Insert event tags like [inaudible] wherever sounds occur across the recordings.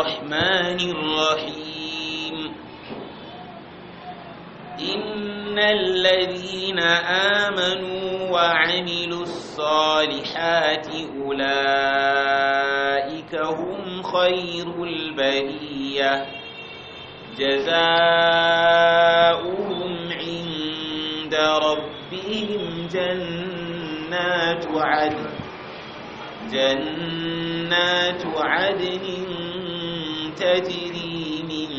الرحمن الرحيم إن الذين آمنوا وعملوا الصالحات أولئك هم خير البرية جزاؤهم عند ربهم جنات عدن جنات عدن تجري من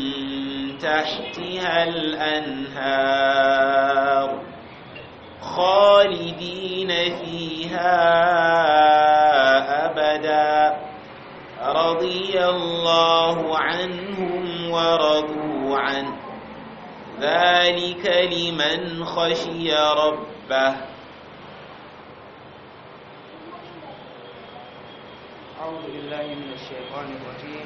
تحتها الأنهار خالدين فيها أبدا رضي الله عنهم ورضوا عنه ذلك لمن خشي ربه أعوذ بالله من الشيطان الرجيم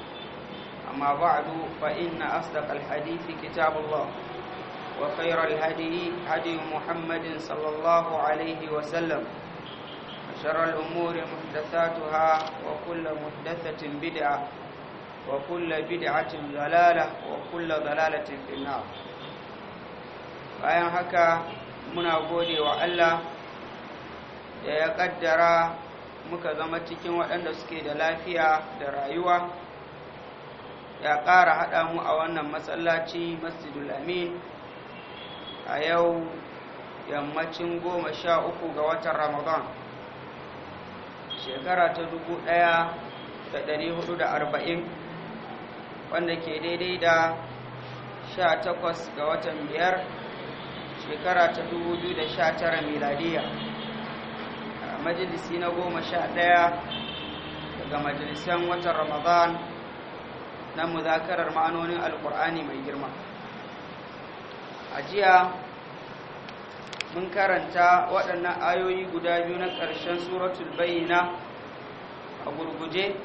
أما بعد فإن أصدق الحديث كتاب الله وخير الهدي هدي محمد صلى الله عليه وسلم وشر الأمور محدثاتها وكل محدثة بدعة وكل بدعة ضلالة وكل ضلالة في النار bayan haka muna gode wa Allah da ya kaddara muka zama cikin waɗanda suke da lafiya da rayuwa ya ƙara haɗa mu a wannan matsalaci masjidul amin a yau yammacin goma sha uku ga watan ramadan shekara ta dubu ɗaya da ɗari hudu da arba'in wanda ke daidai da sha takwas ga watan biyar shekara ta dubu biyu da sha tara miladiya a majalisi na goma sha ɗaya daga majalisan watan ramadan na muzakarar ma'anonin alkur'ani mai girma a jiya mun karanta waɗannan ayoyi guda biyu na ƙarshen suratul bayyana a gurguje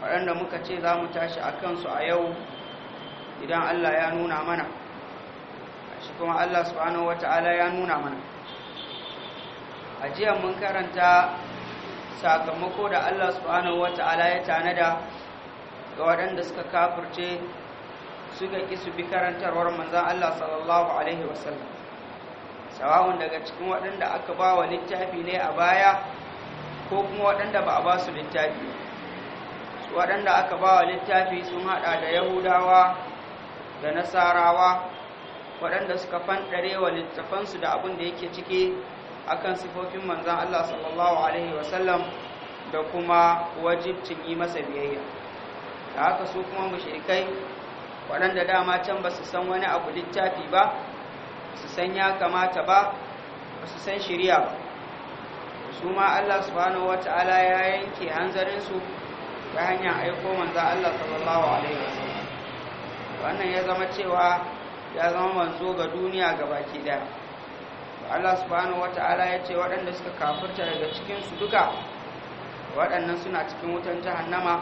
waɗanda muka ce za mu tashi a kansu a yau idan allah ya nuna mana shi kuma allah subhanahu wata'ala ya nuna mana a jiya mun karanta sakamako da allah subhanahu wata'ala ya tanada ga waɗanda suka kafirce suka ƙi su bi karantarwar manzan Allah sallallahu Alaihi wasallam sawawun daga cikin waɗanda aka ba wa littafi ne a baya ko kuma waɗanda ba a ba su littafi su waɗanda aka ba wa littafi sun haɗa da yahudawa da nasarawa waɗanda suka fanɗare wa littafansu da abin da yake ciki akan sifofin manzan Allah sallallahu Alaihi wasallam da kuma wajibcin yi masa biyayya da haka su kuma mushrikai waɗanda dama can ba su san wani abu littafi ba su san ya kamata ba ba su san shirya ba su ma Allah subhanahu ya yanke hanzarinsu ta hanyar aiko manza Allah sallallahu alaihi wasallam wannan ya zama cewa ya zama manzo ga duniya ga baki daya Allah subhanahu ta'ala ya ce waɗanda suka kafurta daga cikinsu duka waɗannan suna cikin wutan jahannama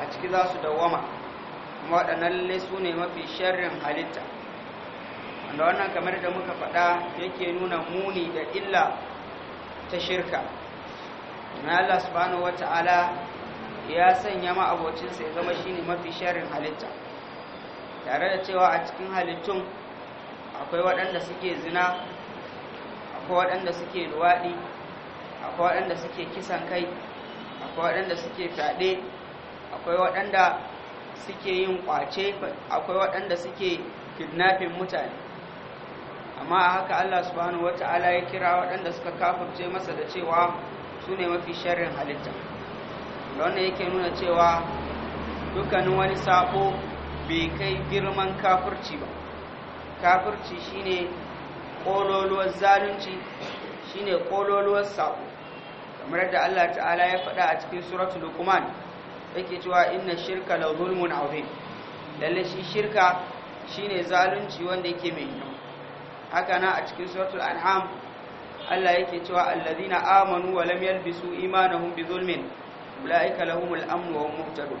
a ciki za su dawwama kuma waɗannan su ne mafi sharrin halitta wanda wannan kamar da muka faɗa yake nuna muni da illa ta shirka na Allah subhanahu wata'ala ya sanya ma'abocinsa ya zama shi ne mafi sharrin halitta tare da cewa a cikin halittun akwai waɗanda suke zina akwai waɗanda suke luwaɗi akwai waɗanda suke kisan kai akwai waɗanda suke fyaɗe akwai waɗanda suke yin kwace akwai waɗanda suke kidnapping mutane amma a haka Allah subhanahu wata'ala ya kira waɗanda suka kafirce masa da cewa su ne mafi sharrin halitta da wannan yake nuna cewa dukkanin wani sabo bai kai girman kafirci ba kafirci shine kololuwar zalunci shine kololuwar sako, kamar da Allah ta'ala ya faɗa a cikin suratul luqman yake cewa inna shirka la zulmun azim lalle shi shirka shine zalunci wanda yake mai yau haka na a cikin suratul an'am Allah yake cewa alladhina amanu wa lam yalbisu imanuhum bi zulmin ulaika lahumul amnu wa hum muhtadun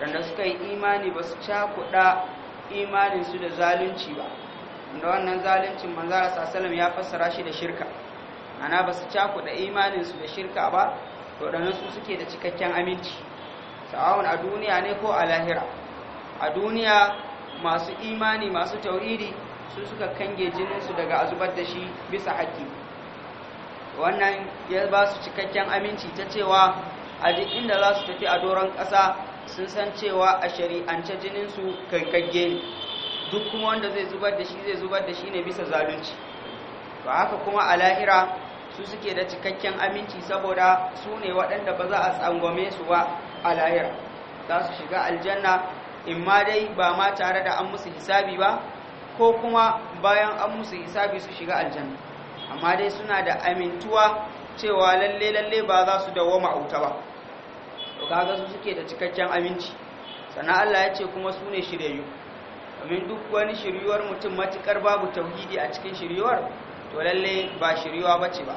dan suka yi imani ba su cakuda imanin su da zalunci ba Inda wannan zaluncin Allah sallallahu ya fassara shi da shirka ana ba su cakuda imanin su da shirka ba to dan su suke da cikakken aminci Ta'awun, a duniya ne ko a lahira a duniya masu imani masu tauriri su suka kange jininsu daga azubar da shi bisa haƙƙi wannan ya ba su cikakken aminci ta cewa a duk inda za su tafi a doron ƙasa sun san cewa a shari'ance jininsu kankagge ne duk kuma wanda zai zubar da shi zai zubar da shi ne bisa zalunci Ba haka kuma a lahira su suke da cikakken aminci saboda su ne waɗanda ba za a tsangwame su ba a za su shiga aljanna in ma dai ba ma tare da an musu hisabi ba ko kuma bayan an musu hisabi su shiga aljanna amma dai suna da amintuwa cewa lalle lalle ba za su dawo ma'auta ba to kaga su suke da cikakken aminci sannan Allah ya ce kuma su ne shiryayyu domin duk wani shiryuwar mutum matukar babu tauhidi a cikin shiryuwar to lalle ba shiryuwa bace ba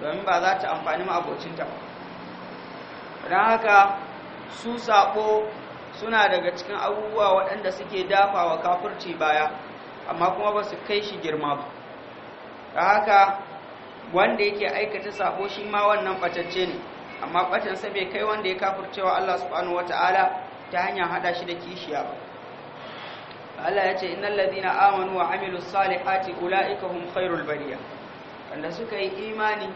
domin ba za ta amfani ma abocinta ba don haka su sako suna daga cikin abubuwa waɗanda suke dafa wa kafirci baya amma kuma ba su kai shi girma ba ta haka wanda yake aikata sako shi ma wannan ɓatacce ne amma ɓatansa bai kai wanda ya wa Allah subhanahu wata'ala ta hanyar haɗa shi da kishiya ba Allah ya ce innal ladina amanu wa amilus salihati ulaika hum khairul bariya wanda suka yi imani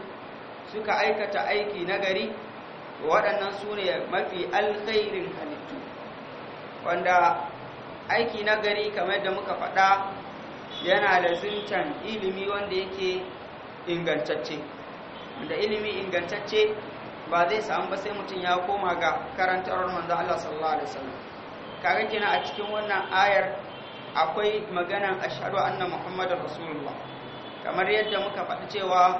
suka aikata aiki na gari. waɗannan su ne mafi alkhairin halittu wanda aiki na gari kamar da muka faɗa yana da zintan ilimi wanda yake ingantacce wanda ilimi ingantacce ba zai samu ba sai mutum ya koma ga karantarwar manzo Allah sallallahu alaihi wasallam kaga kina a cikin wannan ayar akwai maganan ashhadu anna muhammadar rasulullah kamar yadda muka faɗi cewa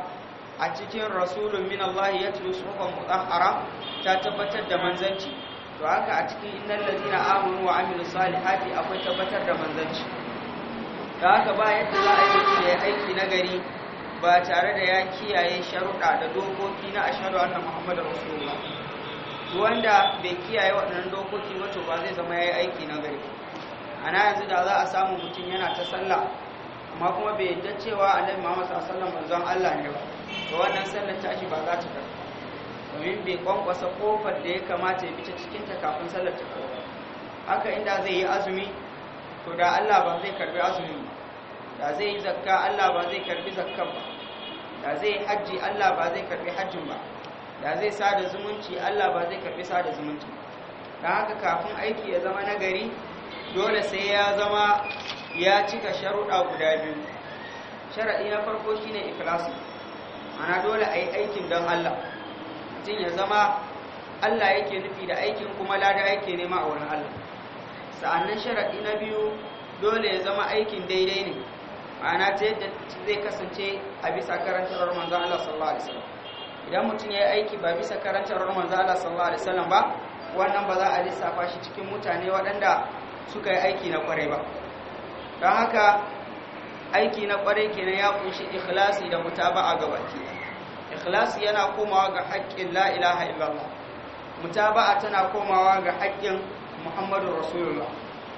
a cikin rasulun min Allah ya tulu suhufan haram ta tabbatar da manzanci to haka a cikin da zina amanu wa amilus salihati akwai tabbatar da manzanci da haka ba yadda za a yi ya aiki na gari ba tare da ya kiyaye sharuɗa da dokoki na ashhadu anna ba, rasulullah wanda bai kiyaye waɗannan dokoki wato ba zai zama ya yi aiki na gari ana yanzu da za a samu mutum yana ta sallah amma kuma bai yadda cewa annabi Muhammad sallallahu alaihi wasallam Allah ne ba to wannan sallar tashi ba za ta Ba domin bai kwankwasa kofar da ya kamata ya fita cikin ta kafin sallar ta karɓa haka inda zai yi azumi to da Allah ba zai karbi azumin ba da zai yi zakka Allah ba zai karbi zakkan ba da zai yi hajji Allah ba zai karbi hajjin ba da zai sada zumunci Allah ba zai karbi sada zumunci don haka kafin aiki ya zama nagari dole sai ya zama ya cika sharuɗa guda biyu sharaɗi na farko ne ikilasi ana dole a yi aikin don Allah mutum ya zama Allah yake nufi da aikin kuma lada yake nema a wurin Allah sa'annan sharaɗi na biyu dole ya zama aikin daidai ne ma'ana ta yadda zai kasance a bisa karantarwar manzon Allah sallallahu alaihi wasallam idan mutum ya yi aiki ba bisa karantarwar manzon Allah sallallahu alaihi wasallam ba wannan ba za a lissafa shi cikin mutane waɗanda suka yi aiki na kwarai ba don haka aiki na kwarai kenan ya kunshi ikhlasi da mutaba'a ga baki ikhlasi yana komawa ga haƙƙin la'ilaha illallah mutaba'a tana komawa ga haƙƙin muhammadun rasulullah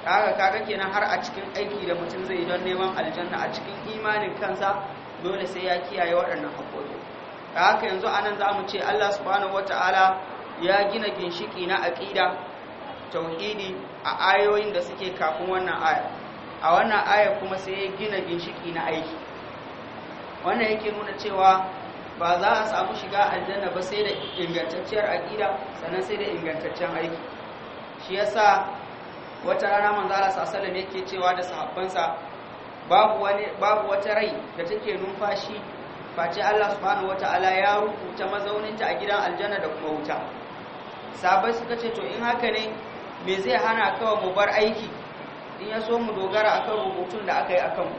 haka kaga kenan har a cikin aiki da mutum zai yi don neman aljanna a cikin imanin kansa dole sai ya kiyaye waɗannan haƙoƙi haka yanzu anan za mu ce Allah subhanahu wataala ya gina ginshiki na aƙida tauhidi a ayoyin da suke kafin wannan aya a wannan aya kuma sai ya gina ginshiki na aiki wannan yake nuna cewa ba za a samu shiga aljanna ba sai da ingantacciyar aƙida sannan sai da ingantaccen aiki shi yasa wata rana manzala sallallahu yake cewa da sahabbansa babu wata rai da take numfashi face Allah subhanahu wataala ya rubuta mazauninta a gidan aljanna da kuma wuta sahabbai suka ce to in haka ne me zai hana kawai mu bar aiki in ya so mu dogara akan rubutun da aka yi a kanmu,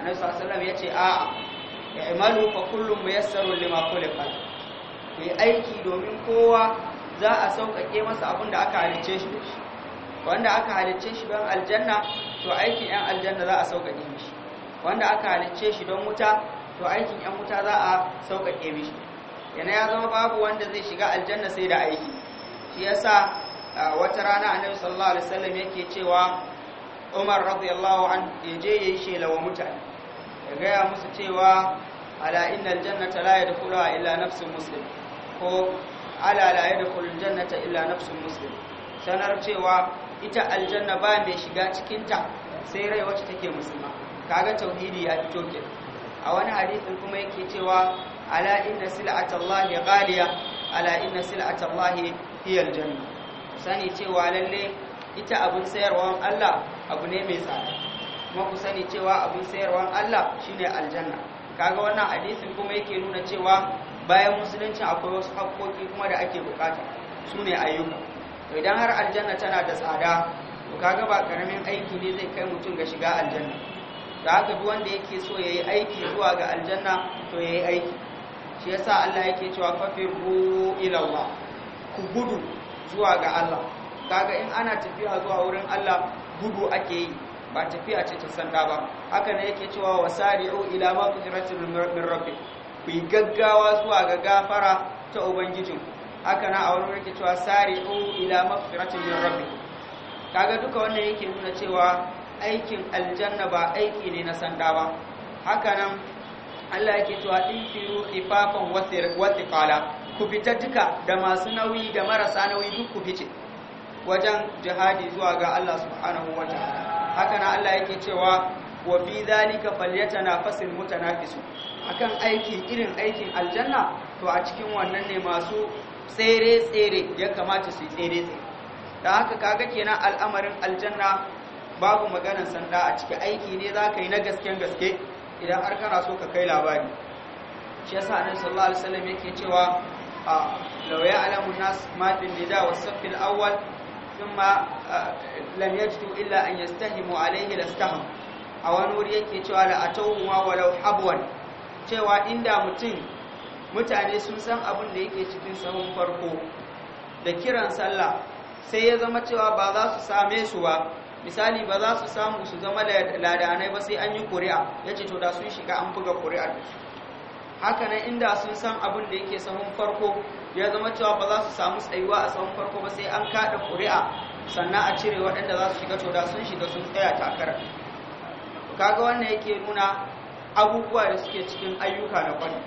annabi sallallahu ya ce a ya imanu fa kullum muyassaru lima khuliqa ku yi aiki domin kowa za a sauƙaƙe masa abin da aka halicce shi da shi wanda aka halicce shi don aljanna to aikin yan aljanna za a sauƙaƙe mishi wanda aka halicce shi don wuta to aikin yan wuta za a sauƙaƙe mishi yana ya zama babu wanda zai shiga aljanna sai da aiki shi yasa wata rana annabi sallallahu alaihi wasallam yake cewa umar radiyallahu an ya je ya yi shela wa mutane ya gaya musu cewa ala innal jannata la yadkhuluha illa nafsun muslim ko ala la yadkhulul jannata illa nafsun muslim sanar cewa ita aljanna ba mai shiga cikinta sai rai wacce take musulma kaga tauhidi ya toke a wani hadisin kuma yake cewa ala inna allahi ghaliya ala inna allahi hiya aljanna sani cewa lalle ita abun sayarwa Allah abu ne mai tsada kuma ku sani cewa abin sayarwan Allah shine aljanna kaga wannan hadisin kuma yake nuna cewa bayan musulunci akwai wasu haƙƙoƙi kuma da ake bukata su ne ayyuka to idan har aljanna tana da tsada to kaga ba karamin aiki ne zai kai mutum ga shiga aljanna da haka duk wanda yake so yayi aiki zuwa ga aljanna to yayi aiki shi yasa Allah yake cewa fafiru ila Allah ku gudu zuwa ga Allah kaga in ana tafiya zuwa wurin Allah gudu ake yi ba tafiya ce ta sanda ba haka ne yake cewa wasari'u ila maqdiratin min rabbi ku gaggawa zuwa ga gafara ta ubangijin haka na a wani yake cewa sari'u ila maqdiratin min rabbi kaga duka wannan yake nuna cewa aikin aljanna ba aiki ne na sanda ba haka nan Allah yake cewa firu ifafan wa thiqala ku fita duka da masu nauyi da marasa nauyi duk ku fice wajen jihadi zuwa ga Allah subhanahu wata haka na Allah yake cewa wa fi zalika falyatanafasul A akan aiki irin aikin aljanna to a cikin wannan ne masu tsere tsere ya kamata su tsere tsere da haka kaga kenan al'amarin aljanna babu maganar sanda a cikin aiki ne zaka yi na gasken gaske idan har kana so ka kai labari shi yasa annabi sallallahu alaihi wasallam yake cewa a lauya nas ma fil safil awwal ثم لم يجدوا إلا أن يستهموا عليه لاستهم a wani wuri yake cewa la atawuwa walau habwan cewa inda mutane sun san abin da yake cikin sahun farko da kiran sallah sai ya zama cewa ba za su same su ba misali ba za su samu su zama da ladanai ba sai an yi ƙuri'a ya ce to da sun shiga an buga ƙuri'a da haka nan inda sun san abin da yake sahun farko ya zama cewa ba za su samu tsayuwa a tsawon farko ba sai an kaɗa ƙuri'a sannan a cire waɗanda za su shiga coda sun shiga sun tsaya takarar kaga wannan yake nuna abubuwa da suke cikin ayyuka na kwani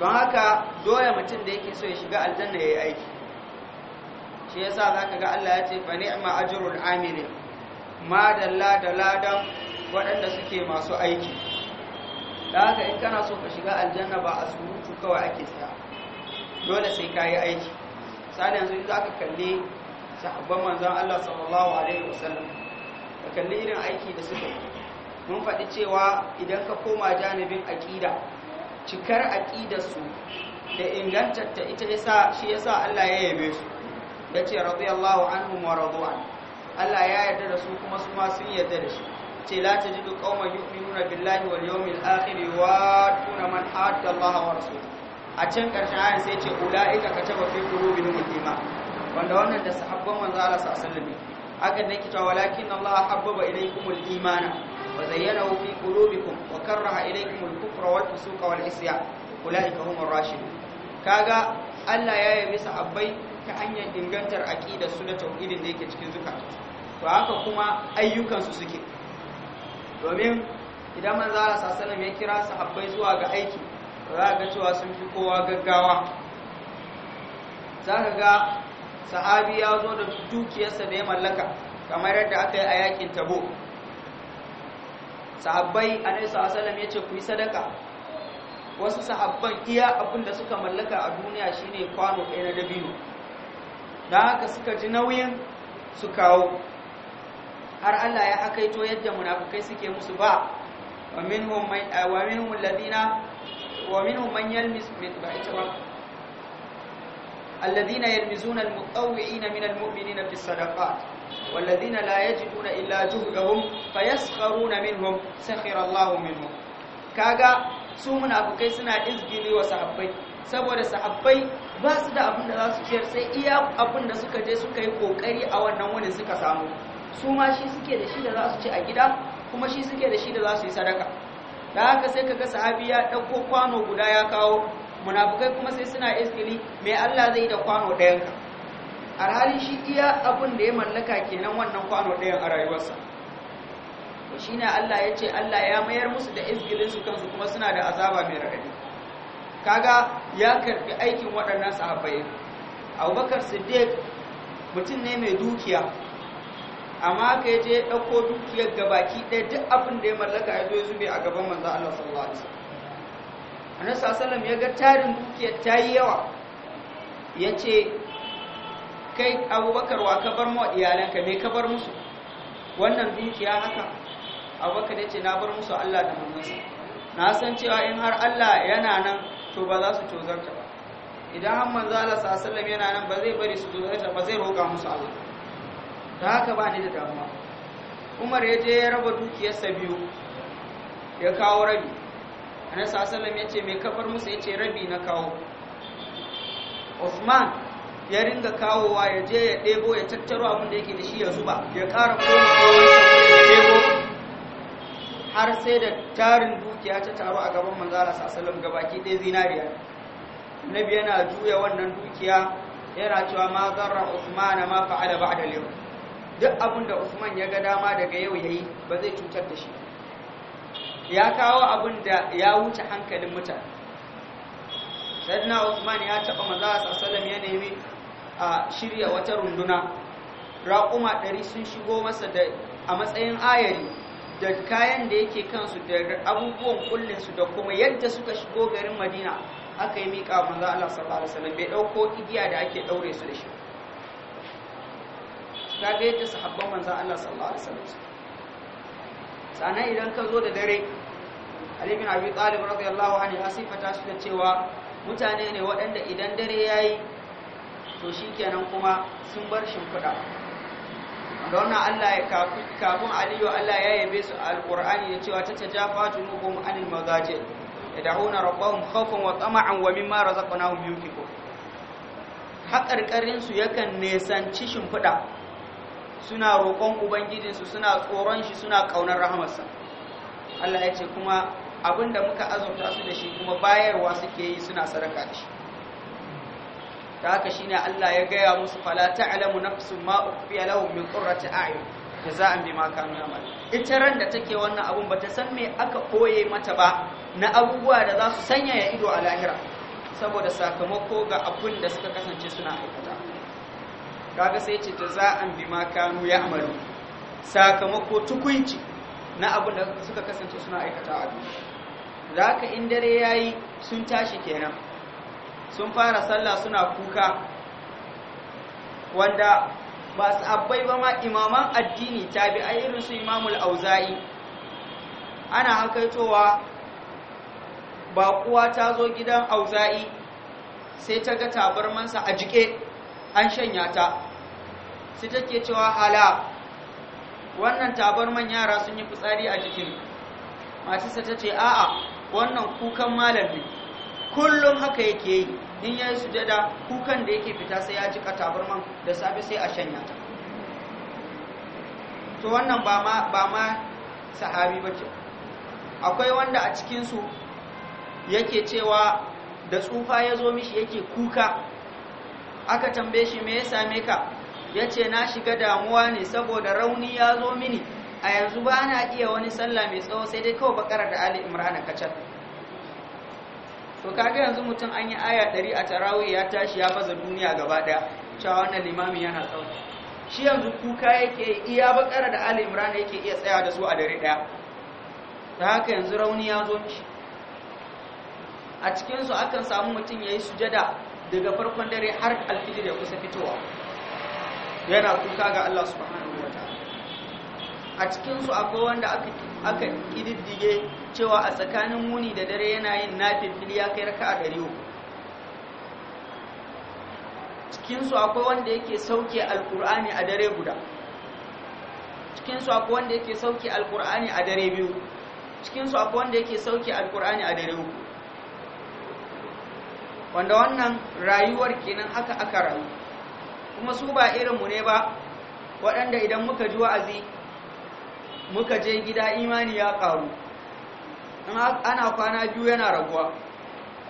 don haka doya mutum da yake so ya shiga aljanna ya yi aiki shi ya sa za ka ga Allah ya ce fa ni'ma ajrul amilin ma dalla da ladan waɗanda suke masu aiki don haka in kana so ka shiga aljanna ba a surutu kawai ake tsaya dole sai ka yi aiki sani yanzu za ka kalli sahabban manzan Allah sallallahu alaihi wasallam ka kalli irin aiki da suka mun faɗi cewa idan ka koma janibin aƙida cikar aƙidarsu da ingantatta ita yasa shi yasa Allah ya yabe su ya ce radiyallahu anhum wa radu'an Allah ya yarda da su kuma su ma sun yarda da shi ce la tajidu qauman yu'minuna billahi wal yawmil akhir wa tuna man hadda Allah wa rasulahu a can ƙarshen ayan sai ce ula'ika ka taba fi qulubihim al-iman wanda wannan da sahabban manzo Allah sallallahu alaihi wasallam aka ne kitawa. walakin Allah habbaba ilaykum al-iman wa zayyanahu fi qulubikum wa karaha ilaykum al-kufra wal fusuqa wal isya ula'ika hum ar rashid kaga Allah ya yi yabe abbai ta hanyar ingantar aqida su da tauhidin da yake cikin zukata to haka kuma ayyukan su suke domin idan manzo Allah sallallahu alaihi wasallam ya kira sahabbai zuwa ga aiki za a ga cewa sun fi kowa gaggawa za ka ga sahabi ya zo da dukiyarsa da ya mallaka kamar yadda aka yi a yakin tabo sahabbai a naisa ya ce ku yi sadaka wasu sahabban iya abinda suka mallaka a duniya shine kwano ɗaya na dabino Da haka suka ji nauyin su kawo har Allah ya akaito yadda munafukai suke musu ba wa minhum alladhina ومنهم من يلمس من باعتراف الذين يلمزون المطوعين من المؤمنين في الصدقات والذين لا يجدون إلا جهدهم فيسخرون منهم سخر الله منهم كاغا su munafukai suna izgili wa sahabbai saboda sahabbai ba su da abin da za su ciyar sai iya abin da suka je suka yi kokari a wannan wani suka samu su ma shi suke da shi da za su ci a gida kuma shi suke da shi da za su yi sadaka da haka sai ka ga sahabi ya ɗauko kwano guda ya kawo munafukai kuma sai suna iskili mai Allah zai da kwano ɗayan ka alhali shi iya abin da ya mallaka kenan wannan kwano ɗayan a rayuwarsa to shine Allah ya ce Allah ya mayar musu da iskilin su kansu kuma suna da azaba mai raɗaɗi kaga ya karɓi aikin waɗannan sahabbai Abubakar Siddiq mutum ne mai dukiya amma ka je ɗauko dukiyar gabaki ɗaya duk abin da ya mallaka ya zo ya zube a gaban manzan Allah sallallahu alaihi wasallam annabi sallallahu ya ga tarin dukiyar ta yi yawa ya ce kai abubakar wa ka bar mu iyalanka me ka bar musu wannan dukiya haka abubakar ya ce na bar musu Allah da manzansa na san cewa in har Allah yana nan to ba za su tozarta ba idan har manzo Allah sallallahu yana nan ba zai bari su tozarta ba zai roƙa musu Allah ta haka ba ni da damuwa umar ya je ya raba dukiyarsa biyu ya kawo rabi annabi sallallahu ya ce mai kafar musu ya ce rabi na kawo Usman ya ringa kawowa ya je ya ɗebo ya tattaro abin da yake da shi ya zuba ya ƙara komawa har sai da tarin dukiya ta taru a gaban manzara ga baki ɗaya zinariya nabi yana juya wannan dukiya yana cewa ma zarra Usman ma fa'ala ba'da yau duk abin da Usman ya ga dama daga yau yayi ba zai cutar da shi ya kawo abin da ya wuce hankalin mutane sayyidina Usman ya taba maza sallallahu ya nemi a shirya wata runduna raƙuma ɗari sun shigo masa da a matsayin ayari da kayan da yake kansu da abubuwan kullinsu da kuma yadda suka shigo garin madina aka yi miƙa manzo Allah sallallahu alaihi wasallam bai ɗauko igiya da ake ɗaure su da shi kaga yadda sahabban manzan Allah sallallahu alaihi wasallam sannan idan ka zo da dare Ali bin Abi Talib radiyallahu anhu ya sifata su da cewa mutane ne waɗanda idan dare ya yayi to kenan kuma sun bar shimfiɗa da wannan Allah ya kafin Aliyu Allah ya yabe su alƙur'ani da cewa ta tajafa junuhum anil da yad'una rabon khawfan wa mara wa mimma razaqnahum yunfiqun haƙarƙarinsu yakan nesanci shimfiɗa suna roƙon ubangijinsu suna tsoron shi suna ƙaunar rahamarsa Allah ya ce kuma abinda muka azurta su da shi kuma bayarwa suke yi suna sadaka da shi ta haka shine Allah ya gaya musu fala ta'lamu nafsun ma ukhfiya lahum min qurrati a'yun jaza'an bima kanu ya'mal ita ran da take wannan abun ta san me aka koye mata ba na abubuwa da za su sanya ya ido a lahira saboda sakamako ga abun da suka kasance suna aikata kaga sai ce bi makanu ya ya'malu sakamako tukunci na abin da suka kasance suna aikata a duniya ka in dare yayi sun tashi kenan sun fara sallah suna kuka wanda ba su abai ba ma imaman addini ta bi a irin su imamul auza'i ana hakaitowa ba kuwa ta zo gidan auza'i sai ta ga tabarmansa a jike an shanya ta sai take cewa ala wannan tabarman yara sun yi fitsari a jikin matarsa ta ce a'a wannan kukan malam ne kullum haka yake yi in ya yi sujada kukan da yake fita sai ya jika tabarman da safe sai a shanya ta to wannan ba ma ba ma akwai wanda a cikin su yake cewa da tsufa ya zo mishi yake kuka aka tambaye shi me ya same ka ya ce na shiga damuwa ne saboda rauni ya zo mini a yanzu ba na iya wani sallah mai tsawo sai dai kawai bakara da ali imran kacal to kaga yanzu mutum an yi aya 100 a tarawih ya tashi ya baza duniya gaba daya cewa wannan limami yana tsawo shi yanzu kuka yake iya bakara da ali imran yake iya tsaya da su a dare daya ta haka yanzu rauni ya zo mishi a cikinsu akan samu mutum ya yi sujada daga farkon dare har alfijir ya kusa fitowa yana kuka ga Allah subhanahu ta'ala a cikinsu akwai wanda aka kididdige cewa a tsakanin muni da dare yana yin nafilfil ya kai raka'a a ɗari uku cikinsu akwai wanda yake sauke alqur'ani a dare guda cikinsu akwai wanda yake sauke alqur'ani a dare biyu cikinsu akwai wanda yake sauke alqur'ani a dare uku wanda wannan rayuwar kenan haka aka rayu kuma su ba irin mu ne ba waɗanda idan muka ji wa'azi muka je gida imani ya ƙaru ana kwana biyu yana raguwa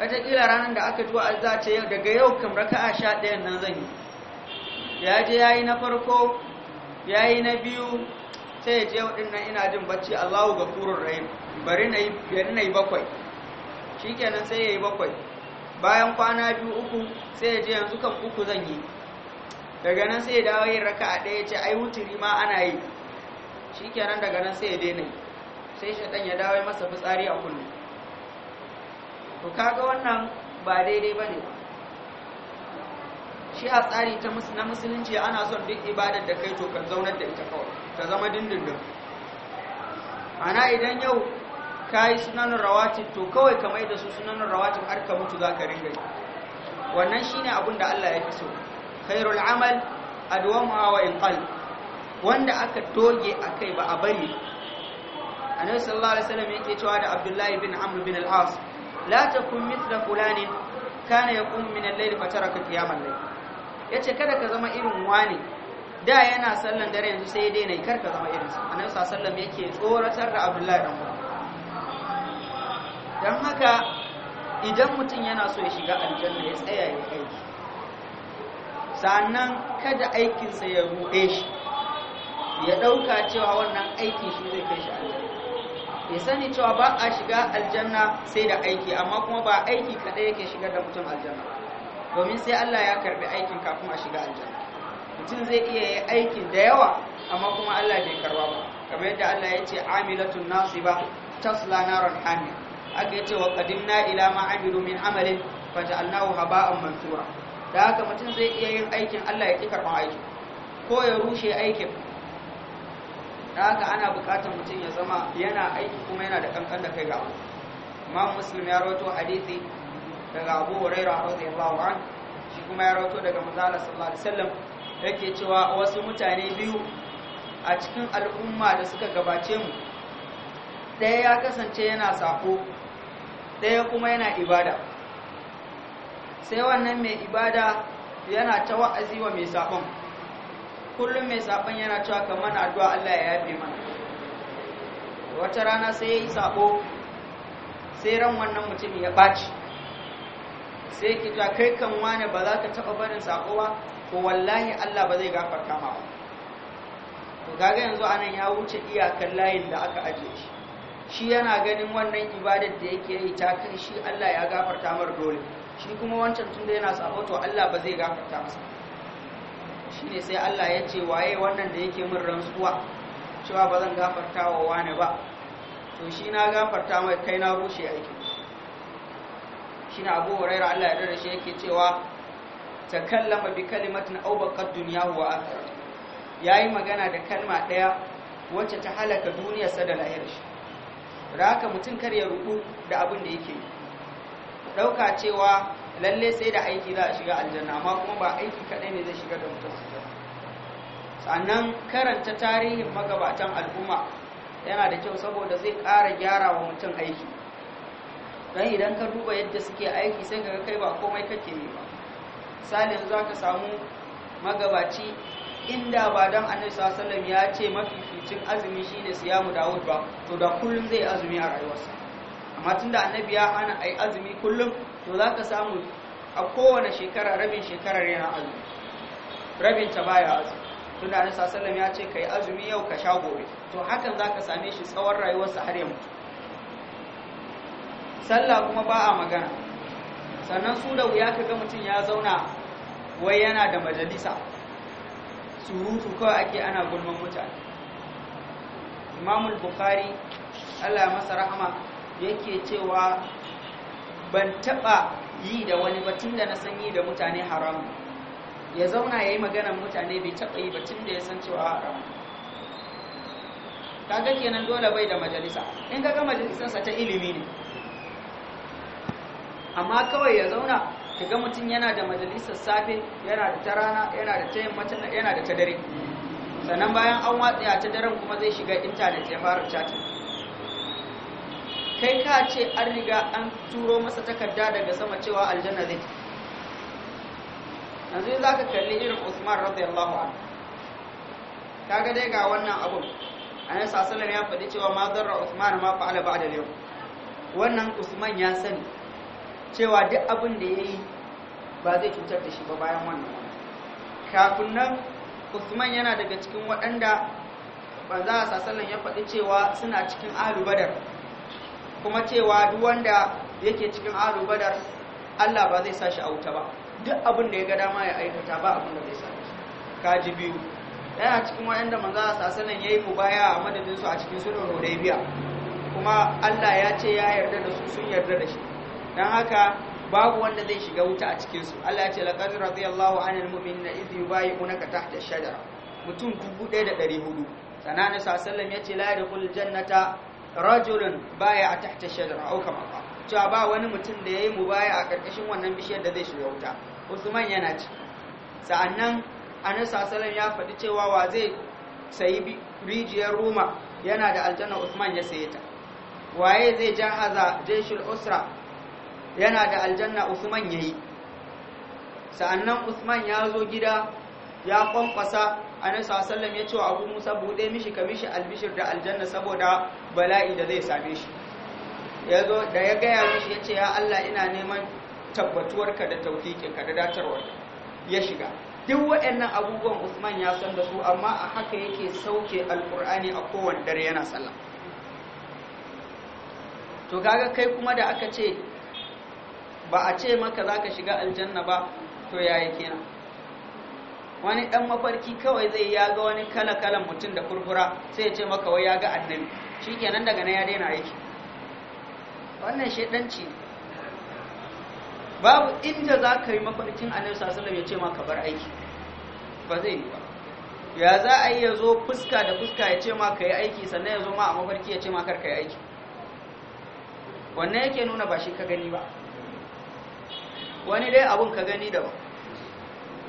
wataƙila ranar da aka ji wa'azi za ce daga yau kam a sha ɗayan nan zan yi ya je ya yi na farko ya yi na biyu sai ya je waɗannan ina jin bacci allahu ga furin rahim bari na yi bakwai shi kenan sai ya yi bakwai bayan kwana biyu uku sai ya je yanzu kan uku zan yi daga nan sai ya dawo yin raka'a ɗaya ya ce ai wuturi ma ana yi shikenan daga nan sai ya daina yi sai shaɗan ya dawo masa fitsari a kullum to kaga wannan ba daidai ba ne ba shi a tsari na musulunci ana son duk ibadar da kai to kan zaunar da ita kawai ta zama dindindin ana idan yau ka yi sunanin rawatib to kawai ka mai da su sunanin rawatib har ka mutu za ka ringa yi wannan shi ne abin da Allah ya fi so khairul amal adwamuha wa inqal wanda aka toge a kai ba a bari annabi sallallahu alaihi wasallam yake cewa da abdullahi bin amr bin al-as la takun mithla fulanin kana yaqum min al-layl fa taraka qiyam al-layl yace kada ka zama irin wani da yana sallan dare yanzu sai dai ne kar ka zama irin sa annabi sallallahu alaihi wasallam yake tsoratar da abdullahi dan don haka idan mutum yana so ya shiga aljanna ya tsaya ya aiki sannan kada aikinsa ya ruɗe shi ya ɗauka cewa wannan aiki shi zai kai shi aljanna ya sani cewa ba a shiga aljanna sai da aiki amma kuma ba aiki kaɗai yake shiga da mutum aljanna domin sai Allah ya karɓi aikin kafin a shiga aljanna mutum zai iya yi aiki da yawa amma kuma Allah bai karba ba kamar yadda Allah ya ce amilatun nasiba tasla naran hamid aka yace wa qadimna ila ma amilu min amalin faj'alnahu haba'an mansura da haka mutum zai iya yin aikin Allah ya ƙi karɓar aikin ko ya rushe aikin da haka ana buƙatar mutum ya zama yana aiki kuma yana da kankan da kai ga abu imam muslim ya rawato hadisi daga abu hurairah radiyallahu an shi kuma ya rawato daga manzo sallallahu alaihi wasallam yake cewa wasu mutane biyu a cikin al'umma da suka gabace mu ɗaya ya kasance yana sako ɗaya kuma yana ibada sai wannan mai ibada yana ta wa'azi wa mai saɓon kullum mai saɓon yana cewa kamar addu'a Allah ya yafe mana wata rana sai ya yi saɓo sai ran wannan mutum ya ɓaci sai ki ta, kai kan wane ba za ka taɓa barin saɓo ba ko wallahi Allah ba zai gafarta ma ba ga ga yanzu anan ya wuce iyakan layin da aka ajiye shi shi yana ganin wannan ibadar da yake yi ta kai shi Allah ya gafarta mar dole shi kuma wancan tunda yana sabo to Allah ba zai gafarta masa shine sai Allah ya ce waye wannan da yake min rantsuwa cewa ba zan gafarta wa wani ba to shi na gafarta mai kai na rushe aikin shi na abu huraira Allah ya dare shi yake cewa takallama bi kalimatin aw baqad dunya wa akhirah yayi magana da kalma daya wacce ta halaka sa da shi. Raka mutum kar ya ruku da abin da yake ɗauka cewa lalle sai da aiki za a shiga aljanna amma kuma ba aiki kaɗai ne zai shiga da mutum su sannan karanta tarihin magabatan al'umma yana da kyau saboda zai ƙara gyara wa mutum aiki don idan ka duba yadda suke aiki sai ka kai ba komai kake yi ba misalin za ka samu magabaci inda ba don annabi sallallahu alaihi ya ce mafificin azumi shine siyamu Dawud ba to da kullum zai azumi a rayuwarsa amma tunda annabi ya hana ai azumi kullum to zaka samu a kowane shekara rabin shekarar yana azumi rabin ta baya azumi tunda annabi sallallahu alaihi ya ce kai azumi yau ka sha gobe to hakan zaka same shi tsawon rayuwarsa har ya mutu sallah kuma ba a magana sannan su da wuya ka ga mutum ya zauna wai yana da majalisa surutu kawai ake ana gulman mutane imamul bukhari allah masa rahama yake cewa ban taɓa yi da wani batun da na san yi da mutane haramu ya zauna ya yi maganar mutane bai taba yi batun da ya san cewa haramu kaga kenan dole bai da majalisa in kaga sa ta ilimi ne amma kawai ya zauna shiga mutum yana da majalisar safe yana da ta rana yana da ta yammacin yana da ta dare sannan bayan an watsa ya ta daren kuma zai shiga intanet ya fara chatting kai ka ce an riga an turo masa takarda daga sama cewa aljanna zai yanzu za ka kalli irin usman radiyallahu anhu ga dai ga wannan abun annabi ya faɗi cewa ma zarra usman ma fa'ala da yau wannan usman ya sani cewa duk abin da ya yi ba zai cutar da shi ba bayan wannan kafin nan usman yana daga cikin waɗanda za a sasallan ya faɗi cewa suna cikin alubadar kuma cewa duk wanda yake cikin alubadar allah ba zai sa shi a wuta ba duk abin da ya ga dama ya aikata ba abin da zai sa shi kaji biyu yana cikin waɗanda za a sasallan ya yi baya a madadinsu a cikin sulhun hudaybiya kuma allah ya ce ya yarda da su sun yarda da shi don haka babu wanda zai shiga wuta a cikinsu Allah ya ce laqad radiyallahu anil mu'minina idh yubayyi'unaka tahta shajara mutum 1400 sanana sallam ya ce la yadkhul jannata rajulun baya tahta shajara au kama qala cewa ba wani mutum da yayi baya a karkashin wannan bishiyar da zai shiga wuta Usman yana ci sa'annan Anas sallam ya faɗi cewa wa zai sayi rijiyar Roma yana da aljanna Usman ya saye ta waye zai jahaza jeshul usra yana da aljanna Usman yayi sa'annan Usman ya zo gida ya kwankwasa annabi sallallahu alaihi ya ce wa Abu Musa bude mishi ka mishi albishir da aljanna saboda bala'i da zai same shi ya zo da ya gaya mishi ya ce ya Allah ina neman tabbatuwarka da ka da datarwarka ya shiga duk waɗannan abubuwan Usman ya san da su amma a haka yake sauke Alƙur'ani a kowane dare yana sallah to kaga kai kuma da aka ce ba a ce maka za ka shiga aljanna ba to yayi kina wani dan mafarki kawai zai ya ga wani kala mutum da furfura, sai ya ce maka wai ya ga annabi shi kenan daga na ya daina aiki wannan shaidanci babu inda za ka yi mafarkin annabi sallallahu ya ce maka bar aiki ba zai yi ba ya za a yi ya zo fuska da fuska ya ce maka yi aiki sannan ya zo ma a mafarki ya ce maka ka yi aiki wannan yake nuna ba shi ka gani ba wani dai abun ka gani daban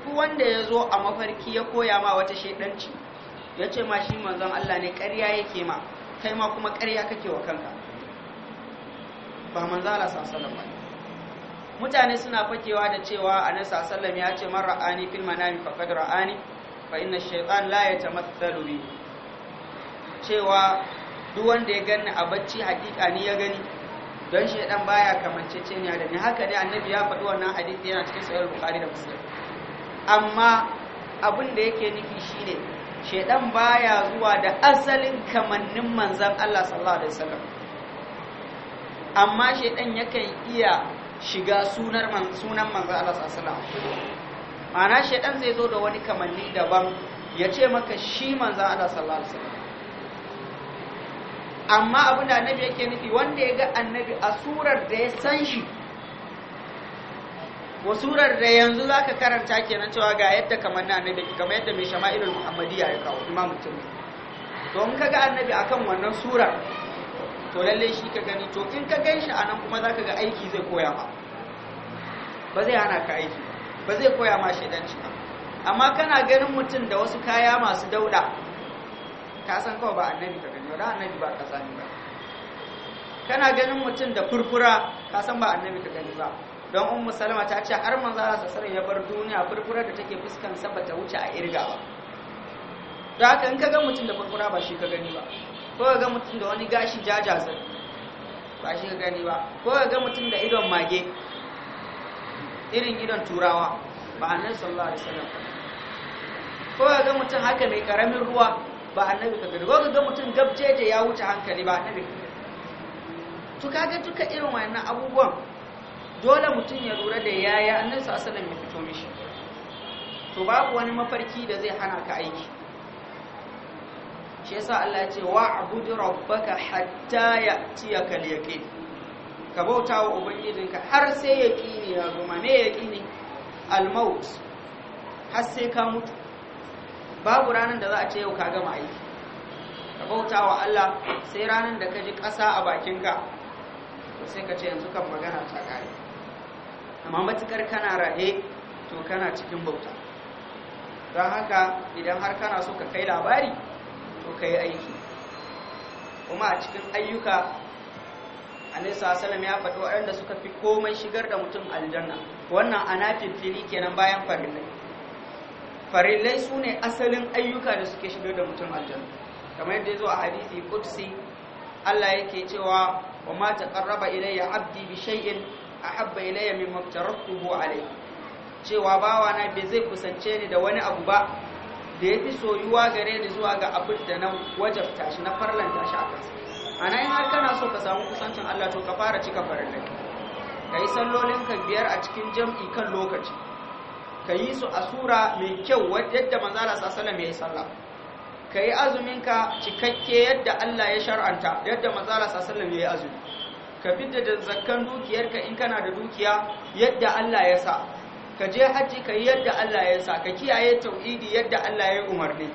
ku wanda ya zo a mafarki ya koya ma wata shaidanci ya ce ma shi manzan Allah ne ƙarya yake ma kai ma kuma ƙarya kake wa kanka ba manzan Allah sallallahu alaihi mutane suna fakewa da cewa nan sallallahu ya ce man ra'ani fil manami faqad ra'ani fa inna shaytan la yatamathalu bi cewa duk wanda ya gani a bacci hakika ni ya gani don shaidan baya kamanceceniya da ni haka ne annabi ya faɗi wannan hadisi yana cikin sahih bukhari da muslim amma abin da yake nufi shine shaidan baya zuwa da asalin kamannin manzon Allah sallallahu alaihi wasallam amma shaidan yakan iya shiga sunar man sunan manzon Allah sallallahu alaihi wasallam ma'ana shaidan zai zo da wani kamanni daban ya ce maka shi manzon Allah sallallahu alaihi wasallam amma abin da annabi yake nufi wanda ya ga annabi a surar da ya san shi wa surar da yanzu za ka karanta kenan cewa ga yadda kamar na annabi kamar yadda mai shama'ilul muhammadiyya ya kawo imamu tirmidhi to in ka ga annabi a kan wannan surar to lalle shi ka gani to in ka gan shi nan kuma za ka ga aiki zai koya ma ba zai hana ka aiki ba zai koya ma shaidanci ba amma kana ganin mutum da wasu kaya masu dauda ka san kawai ba annabi ka ba da annabi ba ka sani ba kana ganin mutum da furfura ka san ba annabi ka gani ba don ummu salama ta ce har manzo Allah sallallahu ya bar duniya furfura da take fuskan sa bata wuce a irga ba da haka in ka ga mutum da furfura ba shi ka gani ba ko ka ga mutum da wani gashi jajazir ba shi ka gani ba ko ka ga mutum da idon mage irin idon turawa ba annabi sallallahu alaihi wasallam ko ka ga mutum haka mai karamin ruwa ba annabi ka gani wanda ga mutum gabce da ya wuce hankali ba annabi ka gani to kaga duka irin wannan abubuwan dole mutum ya lura da yaya annabi sallallahu alaihi wasallam ya fito mishi to babu wani mafarki da zai hana ka aiki shi yasa Allah ya ce wa'bud rabbaka hatta ya'tiyaka al-yaqin ka bauta wa ubangijinka har sai yaqini ya zo ma yaqini al-maut har sai ka mutu babu ranar da za a ce yau ka gama aiki ka bauta wa Allah sai ranar da ka ji ƙasa a bakinka to sai ka ce yanzu kan magana ta kare amma matukar kana raye to kana cikin bauta don haka idan har kana so ka kai labari to ka yi aiki kuma a cikin ayyuka alaihi salam ya faɗi waɗanda suka fi komai shigar da mutum aljanna wannan ana fili kenan bayan farillai farillai su ne asalin ayyuka da suke shigar da mutum aljanna kamar yadda ya zo a hadisi kudsi Allah yake cewa wa ma taqarraba ilayya abdi bi shay'in habba ilayya mimma taraktuhu alayhi cewa bawa na bai zai kusance ni da wani abu ba da ya fi soyuwa gare ni zuwa ga abin da na wajabta shi na farlanta shi a kansa A in har kana so ka samu kusancin Allah to ka fara cika farillai yi sallolinka biyar a cikin jam'i kan lokaci ka yi su a sura mai kyau yadda manzala sasana mai sallah ka yi azuminka cikakke yadda Allah ya shar'anta yadda manzala sasana mai azumi ka fita da zakkan dukiyarka in kana da dukiya yadda Allah ya sa ka je hajji ka yi yadda Allah ya sa ka kiyaye tauhidi yadda Allah ya umarni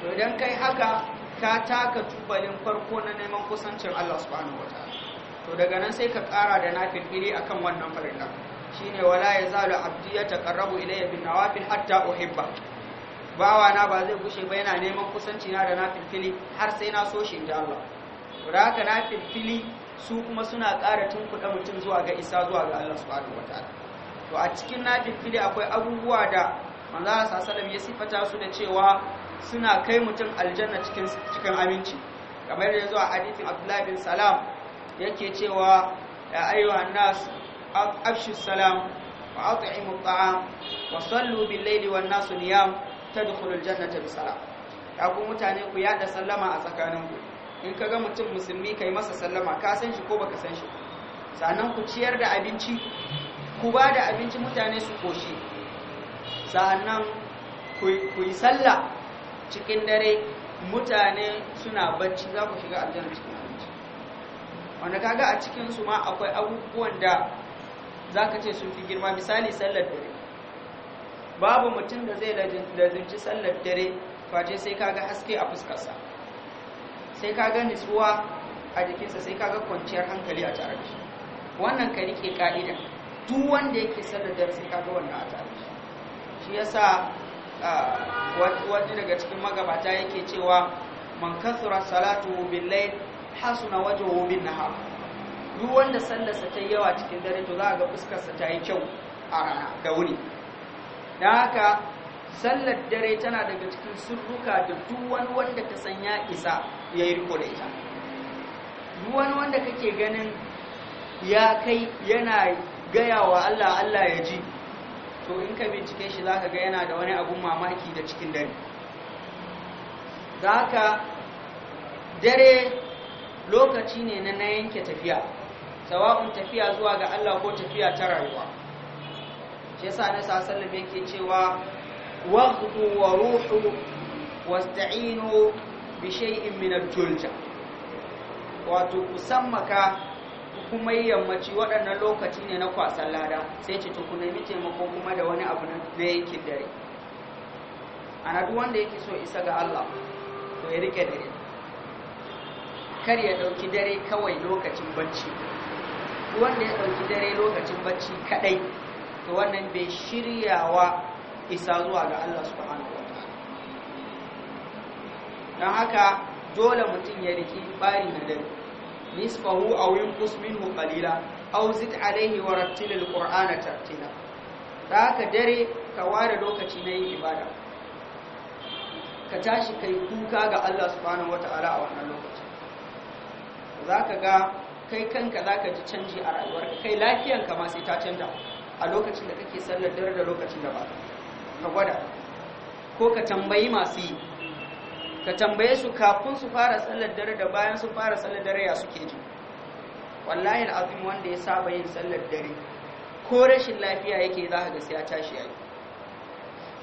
to idan kai haka ka taka tubalin farko na neman kusancin Allah subhanahu wataala to daga nan sai ka ƙara da iri akan wannan farilla shine wala ya yazalu abdi yataqarrabu ilayya bin nawafil hatta uhibba bawa na ba zai gushe ba yana neman kusanci na da nafilfili har sai na so shi inda Allah da haka nafilfili su kuma suna ƙara kuɗa mutum zuwa ga isa zuwa ga Allah subhanahu wataala to a cikin nafilfili akwai abubuwa da manzo Allah sallallahu ya sifata su da cewa suna kai mutum aljanna cikin cikin aminci kamar da a hadisin Abdullah bin Salam yake cewa ya ayyuhan nas afshi salam wa at'imu at'am wa sallu bil laili wan nasu niyam tadkhulul jannata bi salam ya ku mutane ku yada sallama a tsakaninku in ka ga mutum musulmi ka yi masa sallama ka san shi ko baka san shi sannan ku ciyar da abinci ku ba da abinci mutane su koshi sannan ku yi sallah cikin dare mutane suna bacci za ku shiga aljanna cikin abinci wanda kaga a cikinsu ma akwai abubuwan da za ka ce sun fi girma misali sallar dare babu mutum da zai lazimci sallar dare face sai kaga haske a fuskarsa sai kaga nisuwa a jikinsa sai kaga kwanciyar hankali a tare shi wannan ka rike ka'ida duk wanda yake sallar dare sai kaga wannan a tare shi shi yasa wani daga cikin magabata yake cewa man kasura salatu bil layl hasuna wajhuhu bin nahar duk wanda sallarsa ta yawa cikin dare to za a ga fuskarsa ta yi kyau a rana da wuni da haka sallar dare tana daga cikin surruka da duk wani wanda ta san ya isa ya yi riko da ita duk wani wanda kake ganin ya kai yana gaya wa Allah Allah ya ji to in ka bincike shi za ka ga yana da wani abun mamaki da cikin dare da haka dare lokaci ne na na yanke tafiya sawa'un tafiya zuwa ga Allah ko tafiya ta rayuwa shi yasa ne sallallahu yake cewa waqtu wa ruhu wasta'inu bi shay'in min al-julja wato kusammaka kuma yammaci waɗannan lokaci ne na kwasan lada sai ce to ku nemi taimako kuma da wani abu na yake dare ana duk wanda yake so isa ga Allah to ya rike dare kar ya ɗauki dare kawai lokacin bacci wanda ya ɗauki dare lokacin bacci kaɗai to wannan bai shiryawa isa zuwa ga Allah subhanahu wa don haka dole mutum ya riki bari na dare nisfahu aw yunqus minhu qalila aw zid alayhi wa rattil alqur'ana tartila da haka dare ka ware lokaci na yin ibada ka tashi kai kuka ga Allah subhanahu wa a wannan lokaci za ka ga kai kanka za ka ji canji a rayuwarka kai lafiyanka ma sai ta canja a lokacin da kake sallar dare da lokacin da ba ka gwada ko ka tambayi masu yi ka tambaye su kafin su fara sallar dare da bayan su fara sallar dare ya suke ji wallahi al'azim wanda ya saba yin sallar dare ko rashin lafiya yake za ka ga sai ya tashi yayi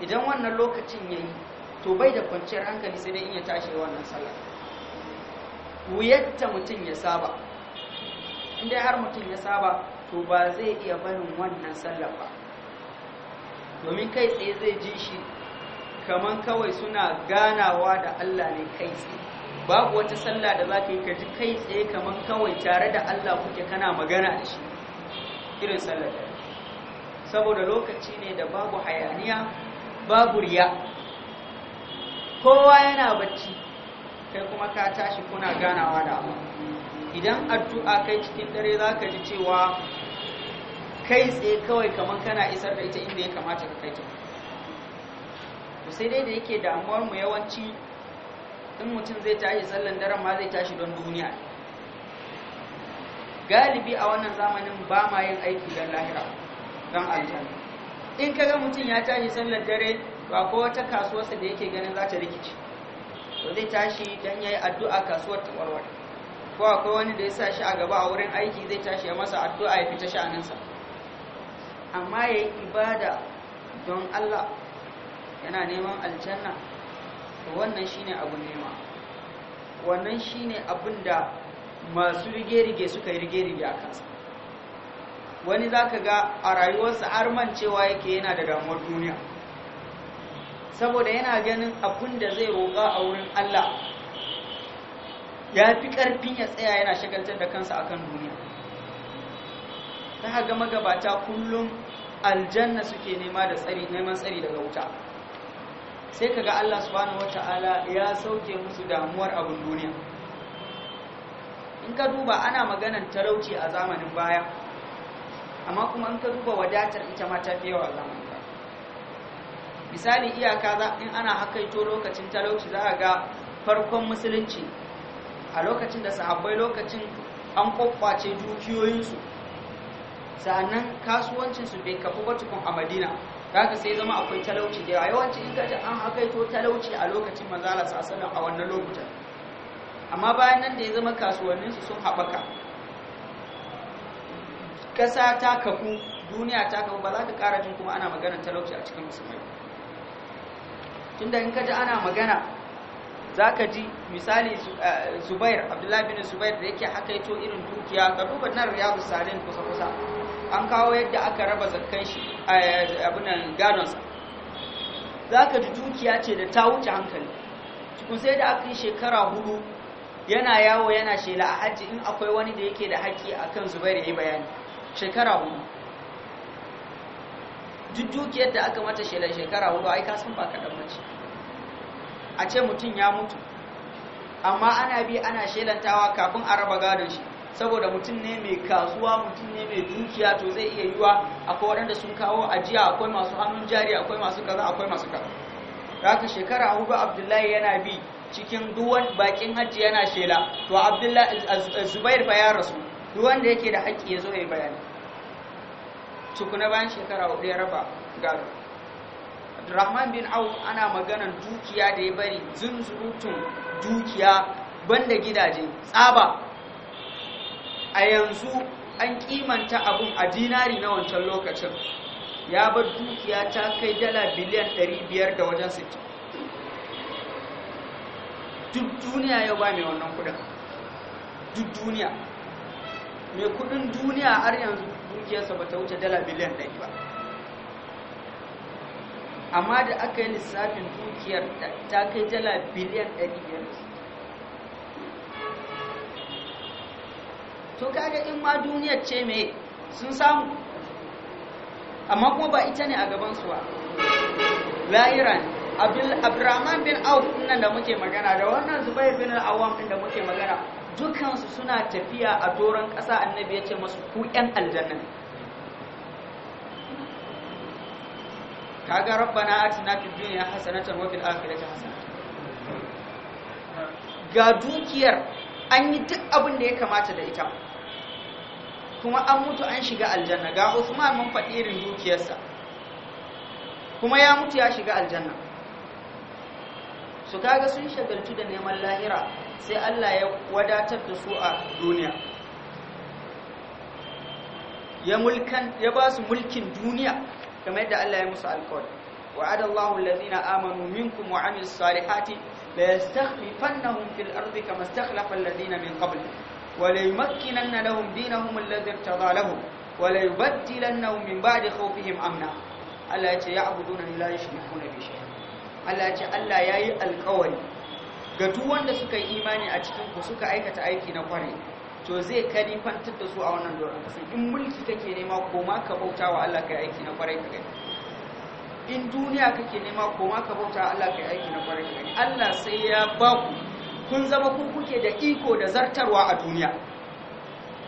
idan wannan lokacin yayi to bai da kwanciyar hankali sai dai in ya tashi wannan sallar wuyatta mutum ya saba inda har mutum ya saba to ba zai iya barin wannan sallar ba domin kai tsaye zai ji shi kaman kawai suna ganawa da Allah ne kai tsaye babu wata sallah da za ka yi ka kai tsaye kaman kawai tare da Allah kuke kana magana da shi irin sallar da saboda lokaci ne da babu hayaniya babu riya kowa yana bacci kai kuma ka tashi kuna ganawa da Allah idan addu'a kai cikin dare za ka ji cewa kai tsaye kawai kamar kana isar da ita inda ya kamata ka kai ta to sai dai da yake damuwar mu yawanci in mutum zai tashi sallan daren ma zai tashi don duniya galibi a wannan zamanin ba ma yin aiki don lahira don aljanna in kaga mutum ya tashi sallar dare ba ko wata kasuwarsa da yake ganin za ta rikici to zai tashi don ya yi addu'a kasuwar ta warware ko akwai wani da ya sa shi a gaba a wurin aiki zai tashi ya masa addu'a ya fita sha'aninsa amma ya yi ibada don Allah yana neman aljanna to wannan shine abu nema wannan shine abin da masu rige-rige suka yi rige-rige a kansa wani za ka ga a rayuwarsa har mancewa yake yana da damuwar duniya saboda yana ganin abin da zai roƙa a wurin Allah ya fi ƙarfin ya tsaya yana shagaltar da kansa akan duniya ta haga magabata kullum aljanna suke nema da tsari neman tsari daga wuta sai kaga Allah subhanahu wata'ala ya sauke musu damuwar abin duniya in ka duba ana maganan talauci a zamanin baya amma kuma in ka duba wadatar ita ma ta fi yawa zamanin baya misali iyaka in ana hakaito lokacin talauci za a ga farkon musulunci a lokacin da sahabbai lokacin an kwakwace dukiyoyinsu sa'annan kasuwancinsu bai kafi ba a madina kaga sai zama akwai talauci da yawa yawanci in an hakaito talauci a lokacin manzala sasalin a wannan lokutan amma bayan nan da ya zama kasuwanninsu sun haɓaka ƙasa ta kafu duniya ta kafu ba za ka ƙara jin kuma ana maganar talauci a cikin musulmai tunda in kaji ana magana Za ka ji misali eh, Zubair Abdullahi bin Zubair da yake hakaito irin dukiya ga duba nan Riyadu kusa kusa an kawo yadda aka raba zakkan shi eh, abunan gadon sa ka ji dukiya ce da ta wuce hankali cikin sai da aka yi shekara hudu yana yawo yana shela a hajji in akwai wani da yake da haƙƙi akan Zubair yi bayani shekara hudu duk dukiyar da aka mata shela shekara hudu ai ka san ba kaɗan mace a ce mutum ya mutu amma ana bi ana shelantawa kafin a raba gadon shi saboda mutum ne mai kasuwa mutum ne mai dukiya to zai iya yiwa akwai waɗanda sun kawo ajiya akwai masu hannun jari akwai masu kaza akwai masu kaza haka shekara hudu abdullahi yana bi cikin duwan bakin hajji yana shela to abdullahi zubair fa ya rasu duwan da yake da haƙƙi ya zo ya bayani tukuna bayan shekara hudu ya raba gado Rahman bin Auf ana maganan dukiya da ya bari zunzurutun dukiya banda gidaje tsaba a yanzu an kimanta abun a dinari na wancan lokacin ya bar dukiya ta kai dala biliyan 500 da wajen 60 duk duniya yau ba mai wannan kudin duk duniya mai kudin duniya har yanzu dukiyarsa ba ta wuce dala biliyan 100 ba amma da aka yi lissafin dukiyar ta kai jala biliyan 500 to kaga in ma duniyar ce mai sun samu amma kuma ba ita ne a gabansu ba lahiran Abdulrahman bin auf nan da muke magana da wannan zubair bin awam din da muke magana dukansu suna tafiya a doron ƙasa annabi ya ce masu ku 'yan aljanna kaga rabbana atina fid dunya hasanatan wa fil akhirati hasanatan ga dukiyar an yi duk abin da ya kamata da ita kuma an mutu an shiga aljanna ga Usman mun faɗi irin dukiyarsa kuma ya mutu ya shiga aljanna su kaga sun shagaltu da neman lahira sai Allah ya wadatar da su a duniya ya mulkan ya ba su mulkin duniya kamar yadda Allah ya musu alkawari wa'adallahu allazina amanu minkum wa amilus salihati la yastakhlifannahum fil ardi kama istakhlafa allazina min qablihim wa la yumakkinanna lahum dinahum alladhi irtada lahum wa la yubaddilannahum min ba'di khawfihim amna Allah ya ce ya'buduna la yushrikuna bi shay'in Allah ya ce yayi alkawari ga duk suka yi imani a cikin ku suka aikata aiki na kwarai to zai kalifantar da su a wannan doron kasan in mulki kake nema koma ka bauta wa Allah kai aiki na kwarai ka gani in duniya kake nema koma ka bauta wa Allah kai aiki na kwarai ka gani Allah sai ya ba ku kun zama ku kuke da iko da zartarwa a duniya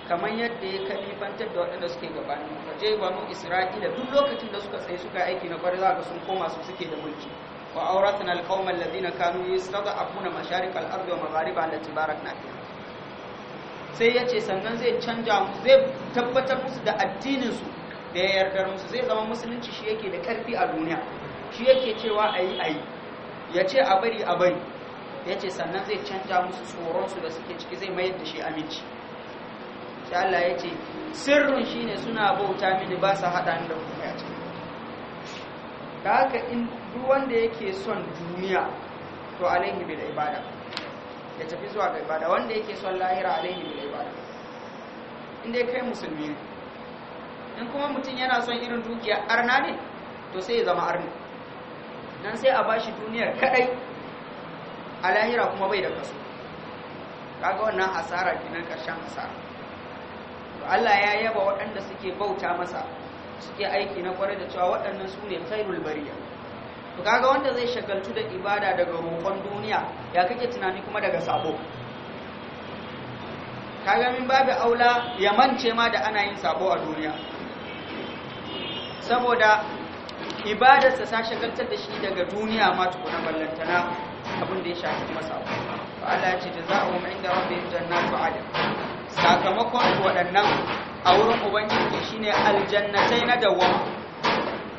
kamar yadda ya kalifantar da waɗanda suke gabanin ka je banu Isra'ila duk lokacin da suka tsaye suka aiki na kwarai za ka sun koma su suke da mulki wa auratna alqawma alladhina kanu yastad'afuna masharikal ardi wa magharibaha allati barakna fiha sai ya ce sannan zai canja musu zai tabbatar musu da addininsu da ya yarda musu zai zama musulunci shi yake da karfi a duniya shi yake cewa a yi a yi ya ce a bari a bari ya ce sannan zai canja musu tsoronsu da suke ciki zai mayar da shi aminci sai Allah ya ce sirrin shi ne suna bauta mini ba su haɗa ni da kuma ya ce da haka in duk wanda yake son duniya to alaihi da ibada ya tafi zuwa ga ibada wanda yake son lahira alaihi bil ibada in dai kai musulmi ne in kuma mutum yana son irin dukiya arna ne to sai ya zama arna dan sai a bashi duniyar kadai a lahira kuma bai da kaso kaga wannan hasara kinan karshen hasara Allah ya yaba waɗanda suke bauta masa suke aiki na kwarai da cewa waɗannan su ne khairul to kaga wanda zai shagaltu da ibada daga roƙon duniya ya kake tunani kuma daga sabo kaga min babu aula ya mance ma da ana yin sabo a duniya saboda ibadarsa ta shagaltar da shi daga duniya ma tukuna ballantana abin da ya shafi kuma sabo Allah ya ce za jazaa'uhum inda rabbihim jannatu 'adn sakamakon waɗannan a wurin ubangiji shine aljannatai na dawwama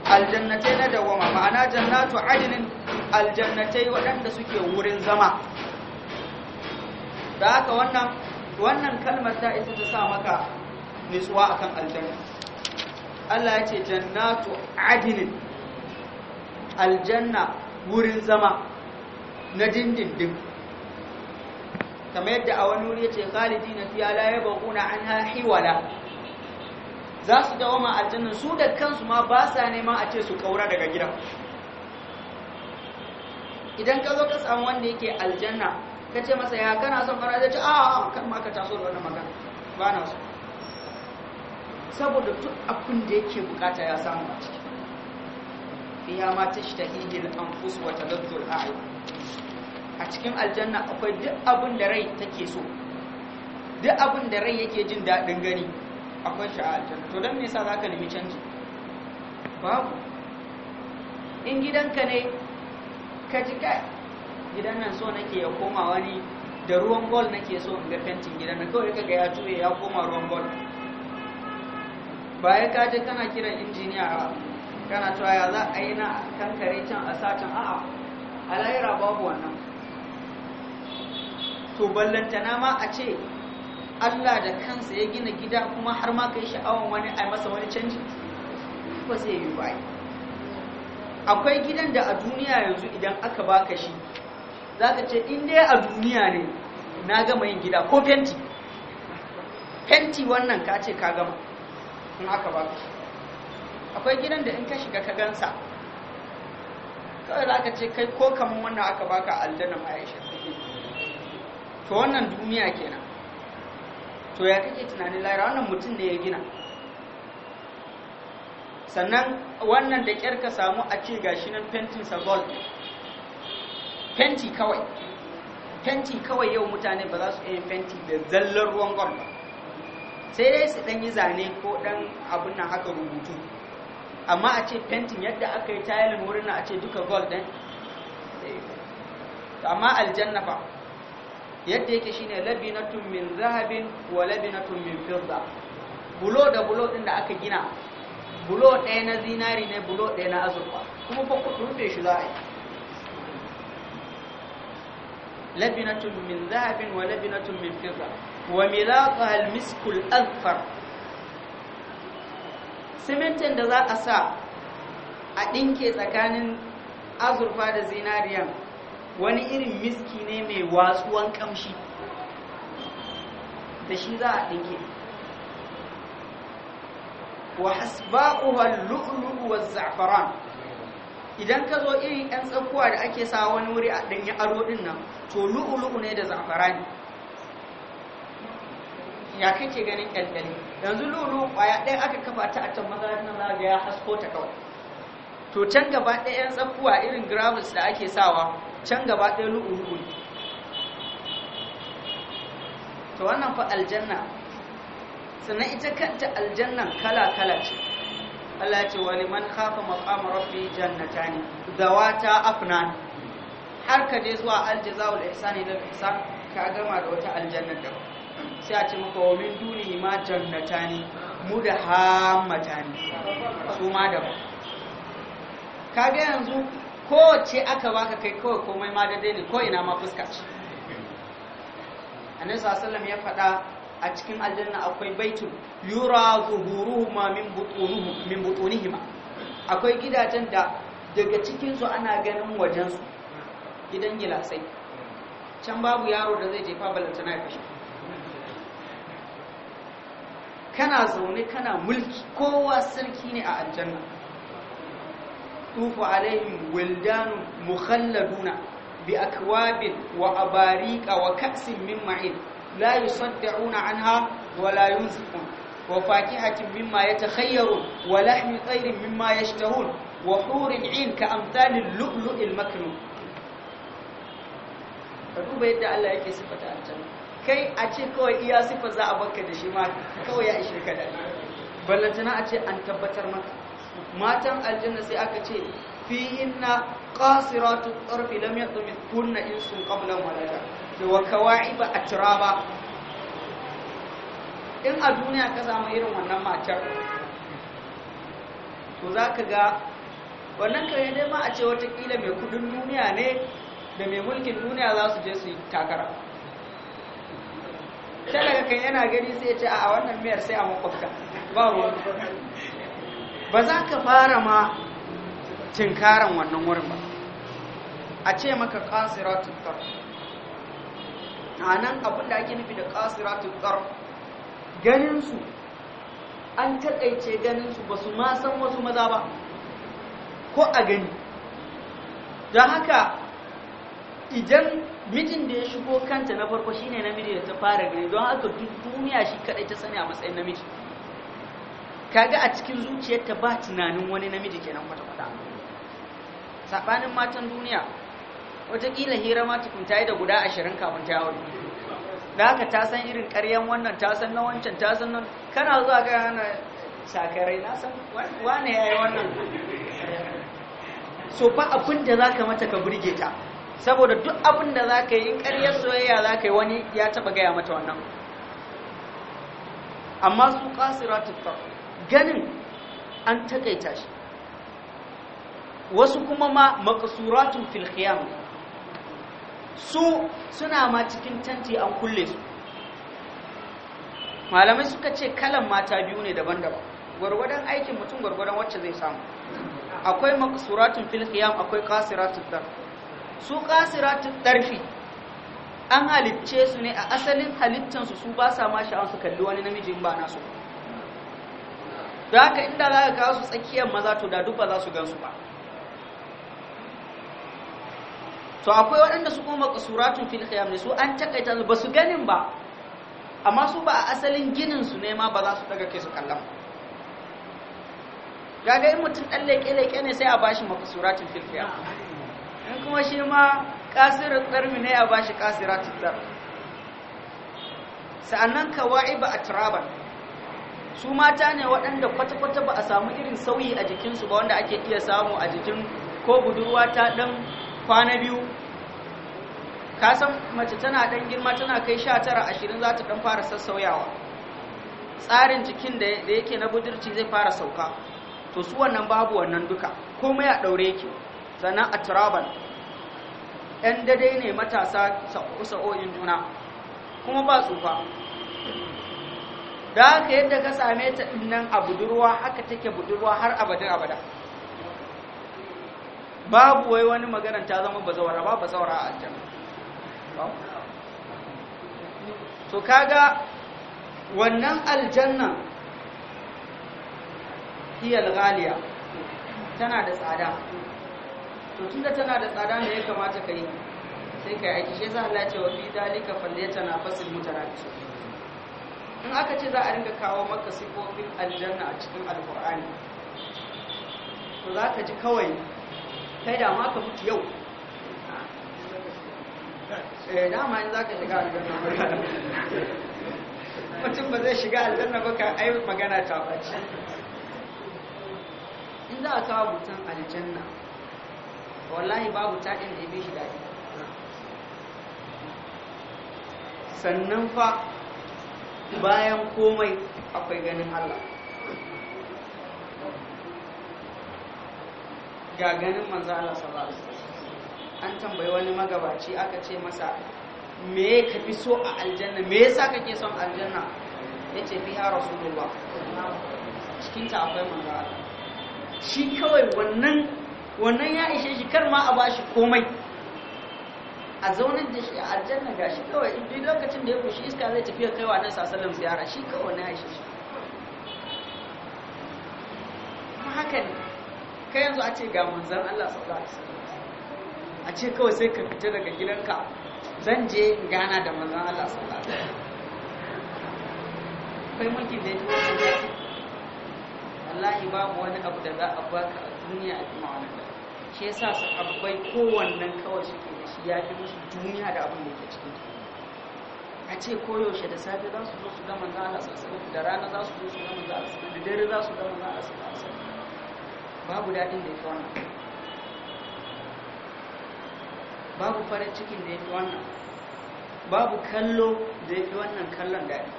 aljannatai na dawama ma'ana jannatu adinin aljannatai waɗanda suke wurin zama da haka wannan wannan kalmar ta isa ta sa maka nutsuwa akan aljanna Allah ya ce jannatu adinin aljanna wurin zama na dindindin kamar yadda a wani wuri ya ce na fiya la yabghuna anha hiwala za su dawo ma aljanna su da kansu ma ba sa neman a ce su kaura daga gidan idan ka zo ka samu wanda yake aljanna ka ce masa ya kana son fara zai ce a kan ma ka taso da wannan magana ba na so saboda duk abin da yake bukata ya samu a ciki fiya ma ta shi ta hijil anfus wata tadaddul a'yun a cikin aljanna akwai duk abin da rai take so duk abin da rai yake jin daɗin gani akwai shi to don nisa za ka nemi canji babu in gidanka ne ka ji kai gidan nan so nake ya koma wani da ruwan bol nake so in ga fentin gidan nan kawai kaga ya tuye ya koma ruwan bol baya ka je kana kiran injiniya a kana cewa ya za a yi na kankare can a satin? a'a a babu wannan to na ma a ce Allah da kansa ya gina gida kuma har ma ka yi sha'awar wani a masa wani canji ba zai yi ba akwai gidan da a duniya yanzu idan aka baka shi Za ka ce in dai a duniya ne na gama yin gida ko fenti fenti wannan ka ce ka gama in aka baka shi akwai gidan da in ka shiga ka gansa kawai za ka ce kai ko kamar wannan aka baka aljanna ma ya to wannan duniya kenan to ya kake tunanin lahira wannan mutum ne ya gina sannan wannan da kyar ka samu a ce gashi nan fentinsa gold fenti kawai fenti kawai yau mutane ba za su iya fenti da zallar ruwan gold ba sai dai su ɗan yi zane ko ɗan abin nan haka rubutu amma a ce fentin yadda aka yi tayalin wurin a ce duka gold ɗin eh. amma aljanna ba yadda yake shine labinatun min zahabin wa labinatun min fidda bulo da bulo din da aka gina bulo ɗaya na zinari ne bulo ɗaya na azurfa kuma fa ku rufe shi za a yi labinatun min zahabin wa labinatun min fidda wa milaquha al-miskul azfar simintin da za a sa a ɗinke tsakanin azurfa da zinariyan wani irin miski ne mai watsuwan kamshi da shi za a ɗinke wa hasba'uha lu'lu'u wa za'faran idan ka zo irin ɗan tsakuwa da ake sa wani wuri a ɗanyen aro ɗin nan to lu'lu'u ne da za'faran ya kake ganin ƙyalƙyali yanzu lu'lu'u ƙwaya ɗaya aka kafa ta a can na nan ya hasko ta kawai to can gaba ɗaya ɗan tsakuwa irin gravels da ake sawa can gaba ɗaya lu'u-lu'u ne to wannan fa aljanna sannan ita kanta aljannan kala-kala ce Allah ce wani man kafa maƙama rabbi jannata zawata afnan har ka je zuwa isa ne da ihsan ka gama da wata Aljannan da sai a ce maka wa min duni ma jannata ne mu da hamata ne su ma da ba ka ga yanzu kowace aka baka kai kawai komai ma daidai ne ko ina ma fuska ce annabi sallallahu ya faɗa a cikin aljanna akwai baitun yura zuhuruhuma min butunuhum min butunihim akwai gidajen da daga cikin su ana ganin wajen su gidan gilasai can babu yaro da zai jefa balanta na fashi kana zaune kana mulki kowa sarki ne a aljanna يطوف عليهم ولدان مخلدون بأكواب وأباريق وكأس من معين لا يصدعون عنها ولا ينزفون وفاكهة مما يتخيرون ولحم طير مما يشتهون وحور عين كأمثال اللؤلؤ المكنون فكوبا يدى الله يكي صفة الجنة كي أتي كوي إيا صفة زعبك دشي ما كوي يا إشركة بلتنا أتي أن تبتر مكة matan aljanna sai aka ce fihinna qasiratu tarfi lam yatmit kunna insun qabla malaka wa kawa'iba atraba in a duniya ka samu irin wannan matar to ka ga wannan kare dai ma a ce watakila mai kudin duniya ne da mai mulkin duniya za su je su yi takara talaga kan yana gani sai ce a wannan miyar sai a makwabta ba wani ba za ka fara ma tinkaran wannan wurin ba a ce maka kasiratun tsar a nan abinda ake nufi da kasiratun tsar ganinsu an taƙaice ganinsu ba su ma san wasu maza ba ko a gani don haka idan mijin da ya shigo kanta na farko shine namiji da ta fara gani don haka duk duniya shi kaɗai ta sani a matsayin namiji kaga a cikin zuciyarta ba tunanin wani namiji kenan kwata-kwata saɓanin matan duniya watakila hira ma tukunta da guda ashirin kafin ta yawon da haka ta san irin karyan wannan ta san na wancan ta san nan kana zuwa ga hana sakarai na san wane ya yi wannan so fa abin da za ka mata ka burge ta saboda duk abin da za ka yi in soyayya za ka yi wani ya taɓa gaya mata wannan amma su ƙasiratun farko ganin an takaita shi wasu kuma ma makasuratun filkhiyam su suna ma cikin tanti an kulle su malamai suka ce kalan mata biyu ne daban-daban gwargwadon aikin mutum gwargwadon wacce zai samu akwai makasuratun filkhiyam akwai kasiratun dar su kasiratun darfi an halicce su ne a asalin halittansu su ba sa ma sha'an su kalli wani namijin ba nasu ba da haka inda za ka kawo su tsakiyar maza to da duba za su gansu ba to akwai waɗanda su kuma qasuratun suratun khiyam ne su an takaita ba su ganin ba amma su ba a asalin ginin su ne ma ba za su daga kai su kallon gaga in mutum ɗan leƙe-leƙe ne sai a bashi maqsuratun suratun khiyam in kuma shi ma kasirin tsarmi ne a bashi kasiratun tsarmi sa'annan kawai ba a turaban su mata ne waɗanda kwata-kwata ba a samu irin sauyi a jikinsu ba wanda ake iya samu a jikin ko budurwa ta ɗan kwana biyu kasan mace tana ɗan girma tana kai sha tara ashirin za ta ɗan fara sassauyawa tsarin jikin da yake na budurci zai fara sauka to su wannan babu wannan duka komai a ɗaure yake sannan a turaban ‘yan dadai ne matasa sa'o'in juna kuma ba tsufa da haka yadda ka same ta nan a budurwa haka take budurwa har abadin abada babu wai wani maganar ta zama bazawara ba bazawara a aljanna to kaga wannan aljanna hiyal ghaliya tana da tsada to tunda tana da tsada ne ya kamata kai sai kai aiki shi yasa Allah ya ce wa fi dalika falyatana fasil mutarabbisun in aka ce za a ringa kawo maka sifofin aljanna a cikin alkur'ani to za ka ji kawai kai da ma ka mutu yau eh dama in za ka shiga aljanna ba. [laughs] mutum ba zai shiga aljanna ba ka ai magana ta bace in za a kawo mutum aljanna wallahi babu taɗin da ya bi shi daɗi sannan fa bayan komai akwai ganin Allah ga ganin manzo Allah sallallahu alaihi wasallam an tambayi wani magabaci aka ce masa me ka fi so a aljanna me yasa kake son aljanna yace fiha rasulullah cikin ta akwai manzo Allah shi kawai wannan wannan ya ishe shi kar ma a bashi komai a zaunin da shi a aljanna ga shi kawai duk lokacin da ya kushi iska zai tafiya kaiwa nan sasalam ziyara shi kawai na shi kuma haka ne kai yanzu a ce ga manzan Allah sallallahu alaihi wasallam a ce kawai sai ka fita daga gidanka zan je in gana da manzan Allah sallallahu alaihi wasallam kai mulki da ya wallahi babu wani abu da za a baka a duniya a kuma wani shi yasa sahabbai kowannan kawai suke da shi ya fi musu duniya da abin da ke cikin a ce koyaushe da safe za su zo su gama za a sassanin da rana za su zo su gama za a sassanin da dare za su gama za a sassanin babu daɗin da ya fi wannan babu farin cikin da ya fi wannan babu kallo da ya fi wannan kallon daɗi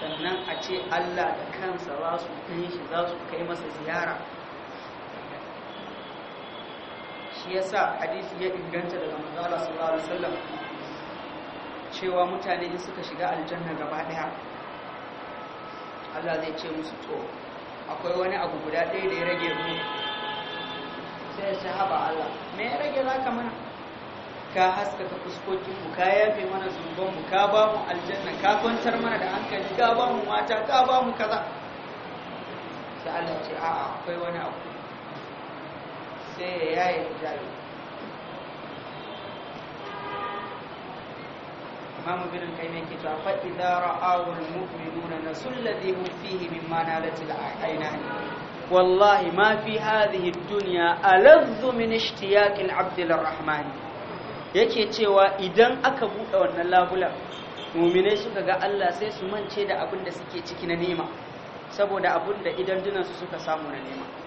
sannan a ce allah da kansa za su kai shi za su kai masa ziyara shi yasa hadisi ya inganta daga mazala sallallahu alaihi wasallam cewa mutane in suka shiga aljanna gaba daya Allah zai ce musu to akwai wani abu guda ɗaya da ya rage mu sai ya haba Allah me ya rage zaka mana ka haskaka fuskokin mu ka yafe mana zunuban mu ka ba mu aljanna ka kwantar mana da hankali ka ba mu mata ka ba mu kaza sai Allah ce a'a akwai wani abu sai ya yaye hijabi imamu bin kai mai kita fa idza ra'awu almu'minuna nasulladhi hum fihi mimma nalat al-aynani wallahi ma fi hadhihi ad-dunya aladhu min ishtiyaq al-abd lir-rahman yake cewa idan aka buɗe wannan labulen, muminai suka ga Allah sai su mance da abunda suke ciki na nema saboda abunda da idan suka samu na nema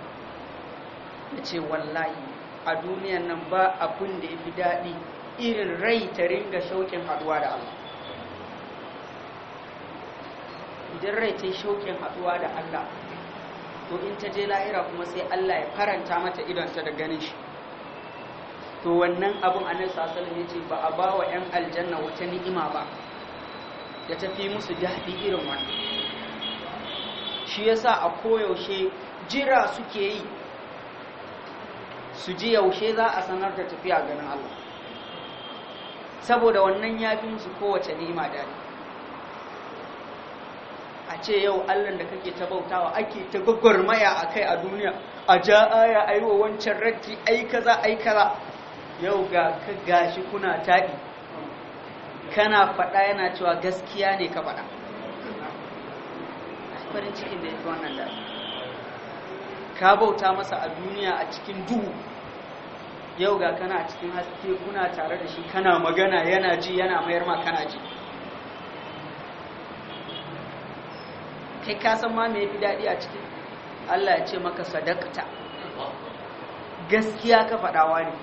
ya ce wallahi a duniyan nan ba abin da ya fi daɗi irin rai ta ringa shauƙin haɗuwa da Allah idan rai ta yi shauƙin haɗuwa da Allah to in ta je lahira kuma sai Allah ya faranta mata idonta da ganin shi to wannan abun anan sallallahu ne ce ba a ba wa 'yan aljanna wata ni'ima ba da tafi musu daɗi irin wannan shi yasa a koyaushe jira suke yi su ji yaushe za a sanar da tafiya ganin Allah saboda wannan ya fi musu kowace ni'ima daɗi a ce yau Allah da kake ta bautawa ake ta gwagwarmaya a kai a duniya a ja aya a yi wa wancan ratti aika za aika kaza yau ga ka gashi kuna taɗi kana faɗa yana cewa gaskiya ne ka faɗa farin cikin da ya fi wannan daɗi ka bauta masa a duniya a cikin duhu yau ga kana a cikin haske kuna tare da shi kana magana yana ji yana mayar ma kana ji kai ka san ma yafi fi daɗi a cikin Allah ya ce maka sadakta gaskiya ka faɗawa ne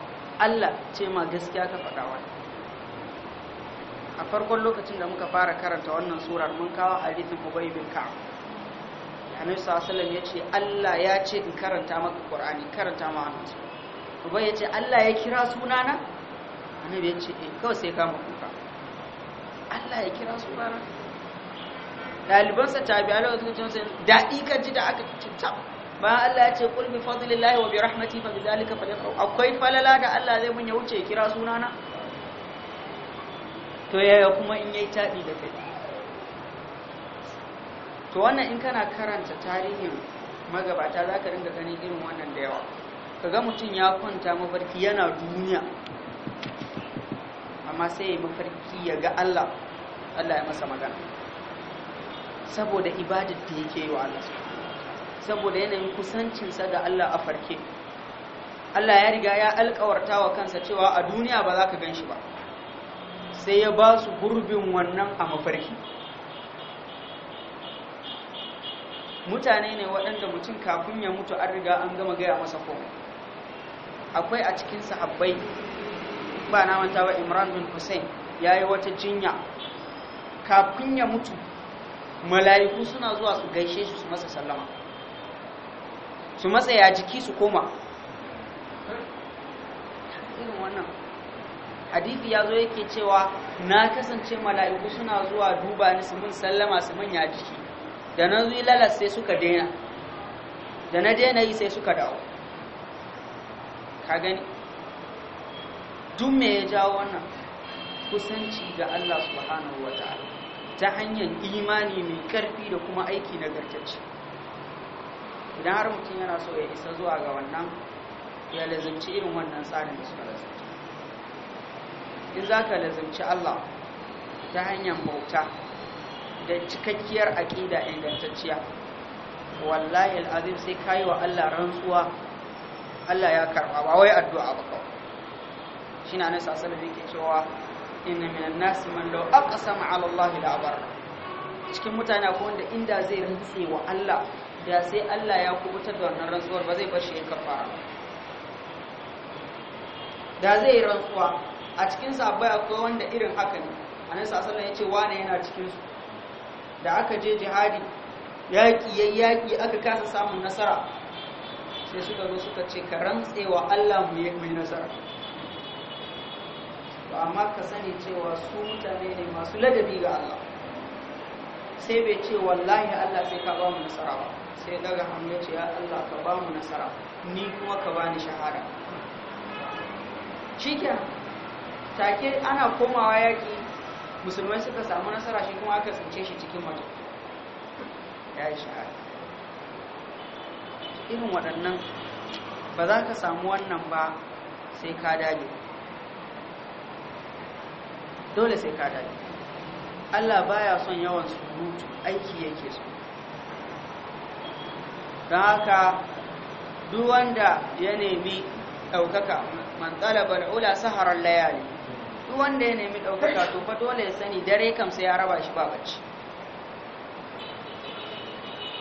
Allah ce ma gaskiya ka faɗawa ne a farkon lokacin da muka fara karanta wannan surar mun kawo hadisin Ubay bin annabi sallallahu alaihi ya ce Allah ya ce in karanta maka Qur'ani karanta ma hannunsa ubai ya ce Allah ya kira sunana annabi ya ce eh kawai sai kama kuka Allah ya kira sunana tabi Allah da wasu jinsu dadi ka ji da aka citta ba Allah ya ce kul bi fadlillahi wa bi rahmati fa bi zalika falyafrahu akwai falala da Allah zai mun ya wuce ya kira sunana to yaya kuma in yayi tabi da kai to wannan in kana karanta tarihin magabata za ka ringa ganin irin wannan da yawa ka ga mutum ya kwanta mafarki yana duniya amma sai ya mafarki ya ga Allah Allah ya masa magana saboda ibadar da yake yi wa Allah saboda yanayin kusancinsa da Allah a farke Allah ya riga ya alkawarta wa kansa cewa a duniya ba za ka gan shi ba sai ya ba su gurbin wannan a mafarki mutane ne waɗanda mutum kafin ya mutu an riga an gama gaya masa komai akwai a cikin sahabbai ba na manta ba imran bin hussein ya yi wata jinya kafin ya mutu mala'iku suna zuwa su gaishe shi su masa sallama su matsa ya jiki su koma irin hadithi ya zo yake cewa na kasance mala'iku suna zuwa duba ni su mun sallama su manya jiki da na zuyi lalas sai suka daina da na daina yi sai suka dawo ka gani duk me ya jawo wannan kusanci ga Allah subhanahu wa ta'ala ta hanyar imani mai karfi da kuma aiki na nagartacce idan har mutum yana so ya isa zuwa ga wannan ya lazimci irin wannan tsarin da suka lazimci in za ka lazimci Allah ta hanyar bauta da cikakkiyar aƙida ingantacciya wallahi al'azim sai kayi wa Allah rantsuwa Allah ya karɓa ba wai addu'a ba kawai shi na nasa sanar yake cewa inna minan nas man law aqsama ala Allah la abar cikin mutane ko wanda inda zai rantsi wa Allah da sai Allah ya kubutar da wannan rantsuwar ba zai bar shi ya kafara da zai rantsuwa a cikin sabai akwai wanda irin haka ne annabi sallallahu alaihi wasallam yace wane yana cikin su da aka je jihadi yaƙi ya yaƙi aka kasa samun nasara sai suka zo suka ce ka rantsewa Allah mu yi mai nasara Ba amma ka sani cewa su mutane ne masu ladabi ga Allah sai bai ce wallahi Allah sai ka ba mu nasara ba sai daga hannu ya ce ya Allah ka ba mu nasara ni kuma ka ba ni shahada shikenan take ana komawa yaƙi musulmai suka samu nasara shi kuma aka tsince shi cikin mata ya yi shahada irin waɗannan ba za ka samu wannan ba sai ka dage dole sai ka dage Allah baya son yawan surutu aiki yake su don haka duk wanda ya nemi ɗaukaka man ɗalabar ula saharar layali duk wanda ya nemi ɗaukaka to fa dole ya sani dare kam sai ya raba shi ba bacci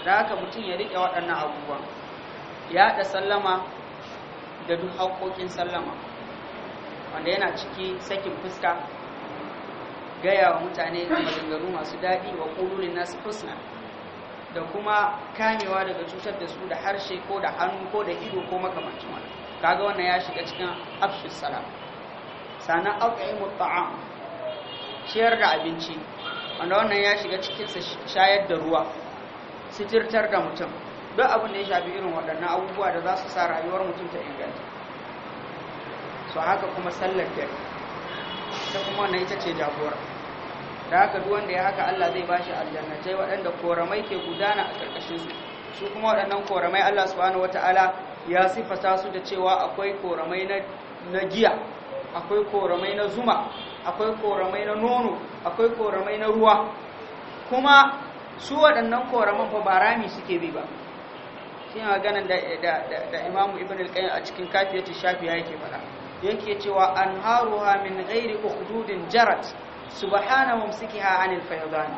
da haka mutum ya riƙe waɗannan abubuwa ya haɗa sallama da duk haƙoƙin sallama wanda yana ciki sakin fuska gaya wa mutane maganganu masu daɗi wa ƙululin nasu fusna da kuma kamewa daga cutar da su da harshe ko da hannu ko da ido ko makamancin wani kaga wannan ya shiga cikin afshus salama sannan alƙa'imu ta'am ciyar da abinci wanda wannan ya shiga cikinsa shayar da ruwa sitirtar da mutum don abin da ya shafi irin waɗannan abubuwa da za su sa rayuwar mutum ta inganta su haka kuma sallar dare ta kuma wannan ita ce jagora da haka duk wanda ya haka Allah zai bashi aljannatai waɗanda koramai ke gudana a ƙarƙashinsu, su kuma waɗannan koramai Allah subhanahu wataala ya sifata su da cewa akwai koramai na giya akwai koramai na zuma akwai koramai na nono akwai koramai na ruwa kuma su waɗannan koraman ba ba rami suke bi ba shi maganan da da imamu ibn al a cikin kafiyatu shafiya yake faɗa yake cewa an ha min ghairi ukhdudin jarat subhana mumsikiha anil faydan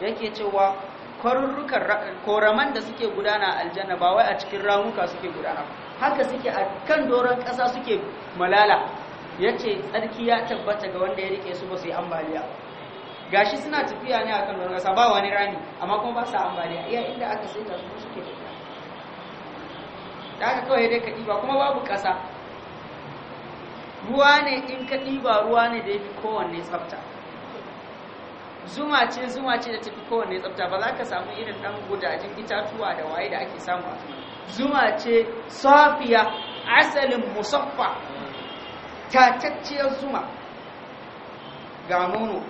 yake cewa kwarurrukan koraman da suke gudana aljanna ba wai a cikin ramuka suke gudana haka suke a kan doron ƙasa suke malala ya ce tsarki ya tabbata ga wanda ya rike su ba su yi ambaliya gashi suna tafiya ne akan ruwan ƙasa ba wani rani, amma kuma ba sa ambaliya iya inda aka ta su suke ta da aka kawai dai ka ɗiba kuma babu ƙasa ruwa ne in ka ɗiba ruwa ne da ya fi kowanne tsafta zuma ce zuma ce da ta fi kowanne tsafta ba za ka samu irin ɗan gudajin itatuwa da waye da ake samu a zuma ce safiya asalin musaffa tatacciyar zuma ga nono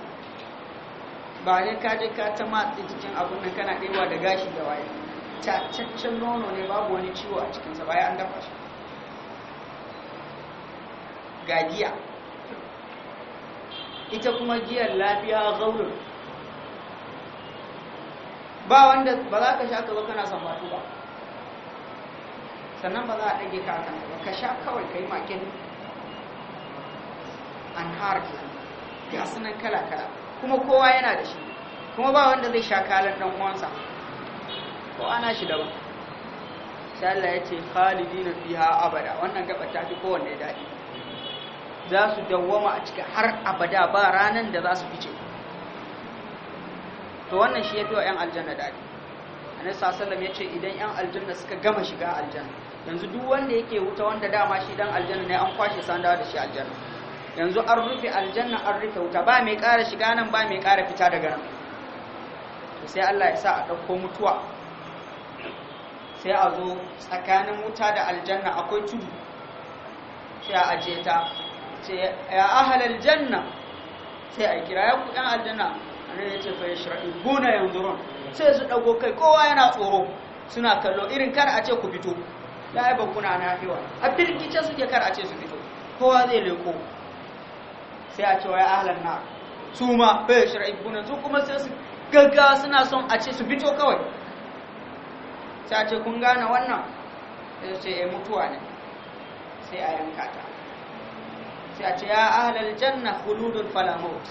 ba ne ka je ka ta matsi cikin abin da kana ɗewa da gashi da waye tataccen nono ne babu wani ciwo a cikinsa bayan an dafa shi ga giya ita kuma giyar lafiya zaurin ba wanda ba za ka sha kaba kana sambatu ba sannan ba za a ɗage ka akan ba ka sha kawai ka yi makin anhar ga sunan kala kala kuma kowa yana da shi kuma ba wanda zai sha kalan dan uwansa ko ana shi daban sai Allah ya ce khalidina fiha abada wannan gaba ta fi kowanne daɗi za su dawwama a cikin har abada ba ranan da za su fice to wannan shi ya fi wa 'yan aljanna daɗi annabi sallallahu ya ce idan 'yan aljanna suka gama shiga aljanna yanzu duk wanda yake wuta wanda dama shi dan aljanna ne an kwashe sandawa da shi aljanna yanzu an rufe aljanna an rufe wuta ba mai ƙara shiga nan ba mai ƙara fita daga nan sai Allah ya sa a ɗauko mutuwa sai a zo tsakanin wuta da aljanna akwai tudu sai a ajiye ta ce ya ahal aljanna sai a kira ya kuɗin aljanna nan ya ce fa guna yanzu ron sai su ɗauko kai kowa yana tsoro suna kallo irin kar a ce ku fito ya bakuna na fiwa a firgice suke kar a ce su fito kowa zai leko sai a cewa ya ahlan na su ma bai shari'ibuna su kuma sai su gaggawa suna son a ce su fito kawai sai a ce kun gane wannan sai ce ya eh, mutuwa ne sai a yanka ta sai a ce ya ahlal janna huludun falamot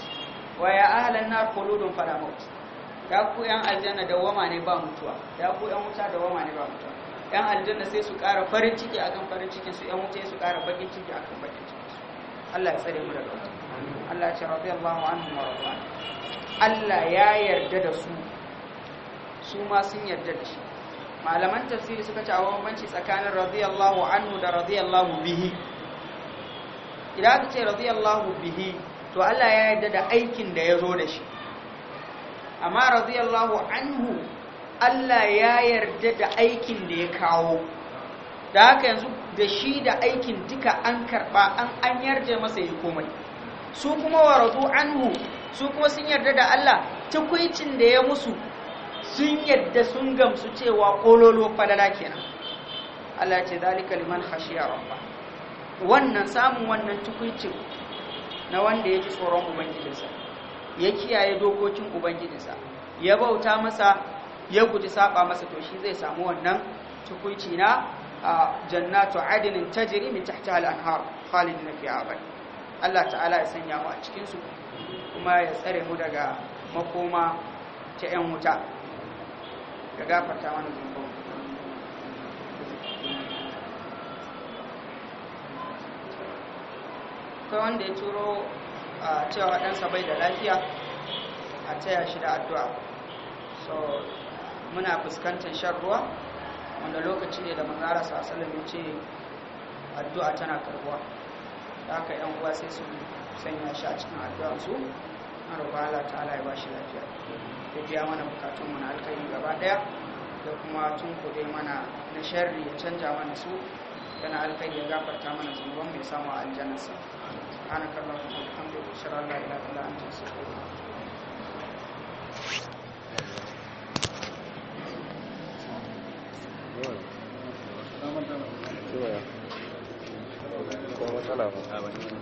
wa ya ahlan na huludun falamot ya ku yan aljanna wama ne ba mutuwa ya ku yan wuta wama ne ba mutuwa yan aljanna sai su ƙara farin ciki akan farin cikin su yan wuta sai su ƙara bakin ciki akan bakin ciki Allah ya tsare mu daga wuta Allah ce radiyallahu Allah wa radwan Allah ya yarda da su su ma sun yarda da shi malaman tafsiri suka ce a bambanci tsakanin radiyallahu anhu da radiyallahu bihi idan aka ce radiyallahu bihi to Allah ya yarda da aikin da ya zo da shi amma radiyallahu anhu Allah ya yarda da aikin da ya kawo da haka yanzu da shi da aikin duka an karba an yarje masa yi komai su kuma wa radu anhu su kuma sun yarda da Allah tukuicin da ya musu sun yarda sun gamsu cewa kololo falala kenan Allah ce zalika liman khashiya rabba wannan samun wannan tukuicin na wanda ya ji tsoron ubangijinsa ya kiyaye dokokin ubangijinsa ya bauta masa ya guji saba masa to shi zai samu wannan tukuici na jannatu adinin tajri min tahtiha al-anhar khalidina fiha abadan Allah ta'ala ya sanya mu a cikinsu kuma ya tsare mu daga makoma ta 'yan wuta ga gafarta mana zunubanmu akwai wanda ya turo a cewa ɗansa bai da lafiya a taya shi da addu'a so muna fuskantar shan ruwa wanda lokaci ne da manzara salami ce addu'a tana karbuwa da haka yan uwa sai su sanya shi a cikin addu'arsu su na roƙa Allah ya shi lafiya ya biya mana bukatun mu na gaba ɗaya, da kuma tun kuɗe mana na sharri ya canja mana su yana ya gafarta mana zunuban mai samu a aljannarsa سبحانك اللهم وبحمدك اشهد ان لا اله الا انت استغفرك Thank you. 我出来玩玩。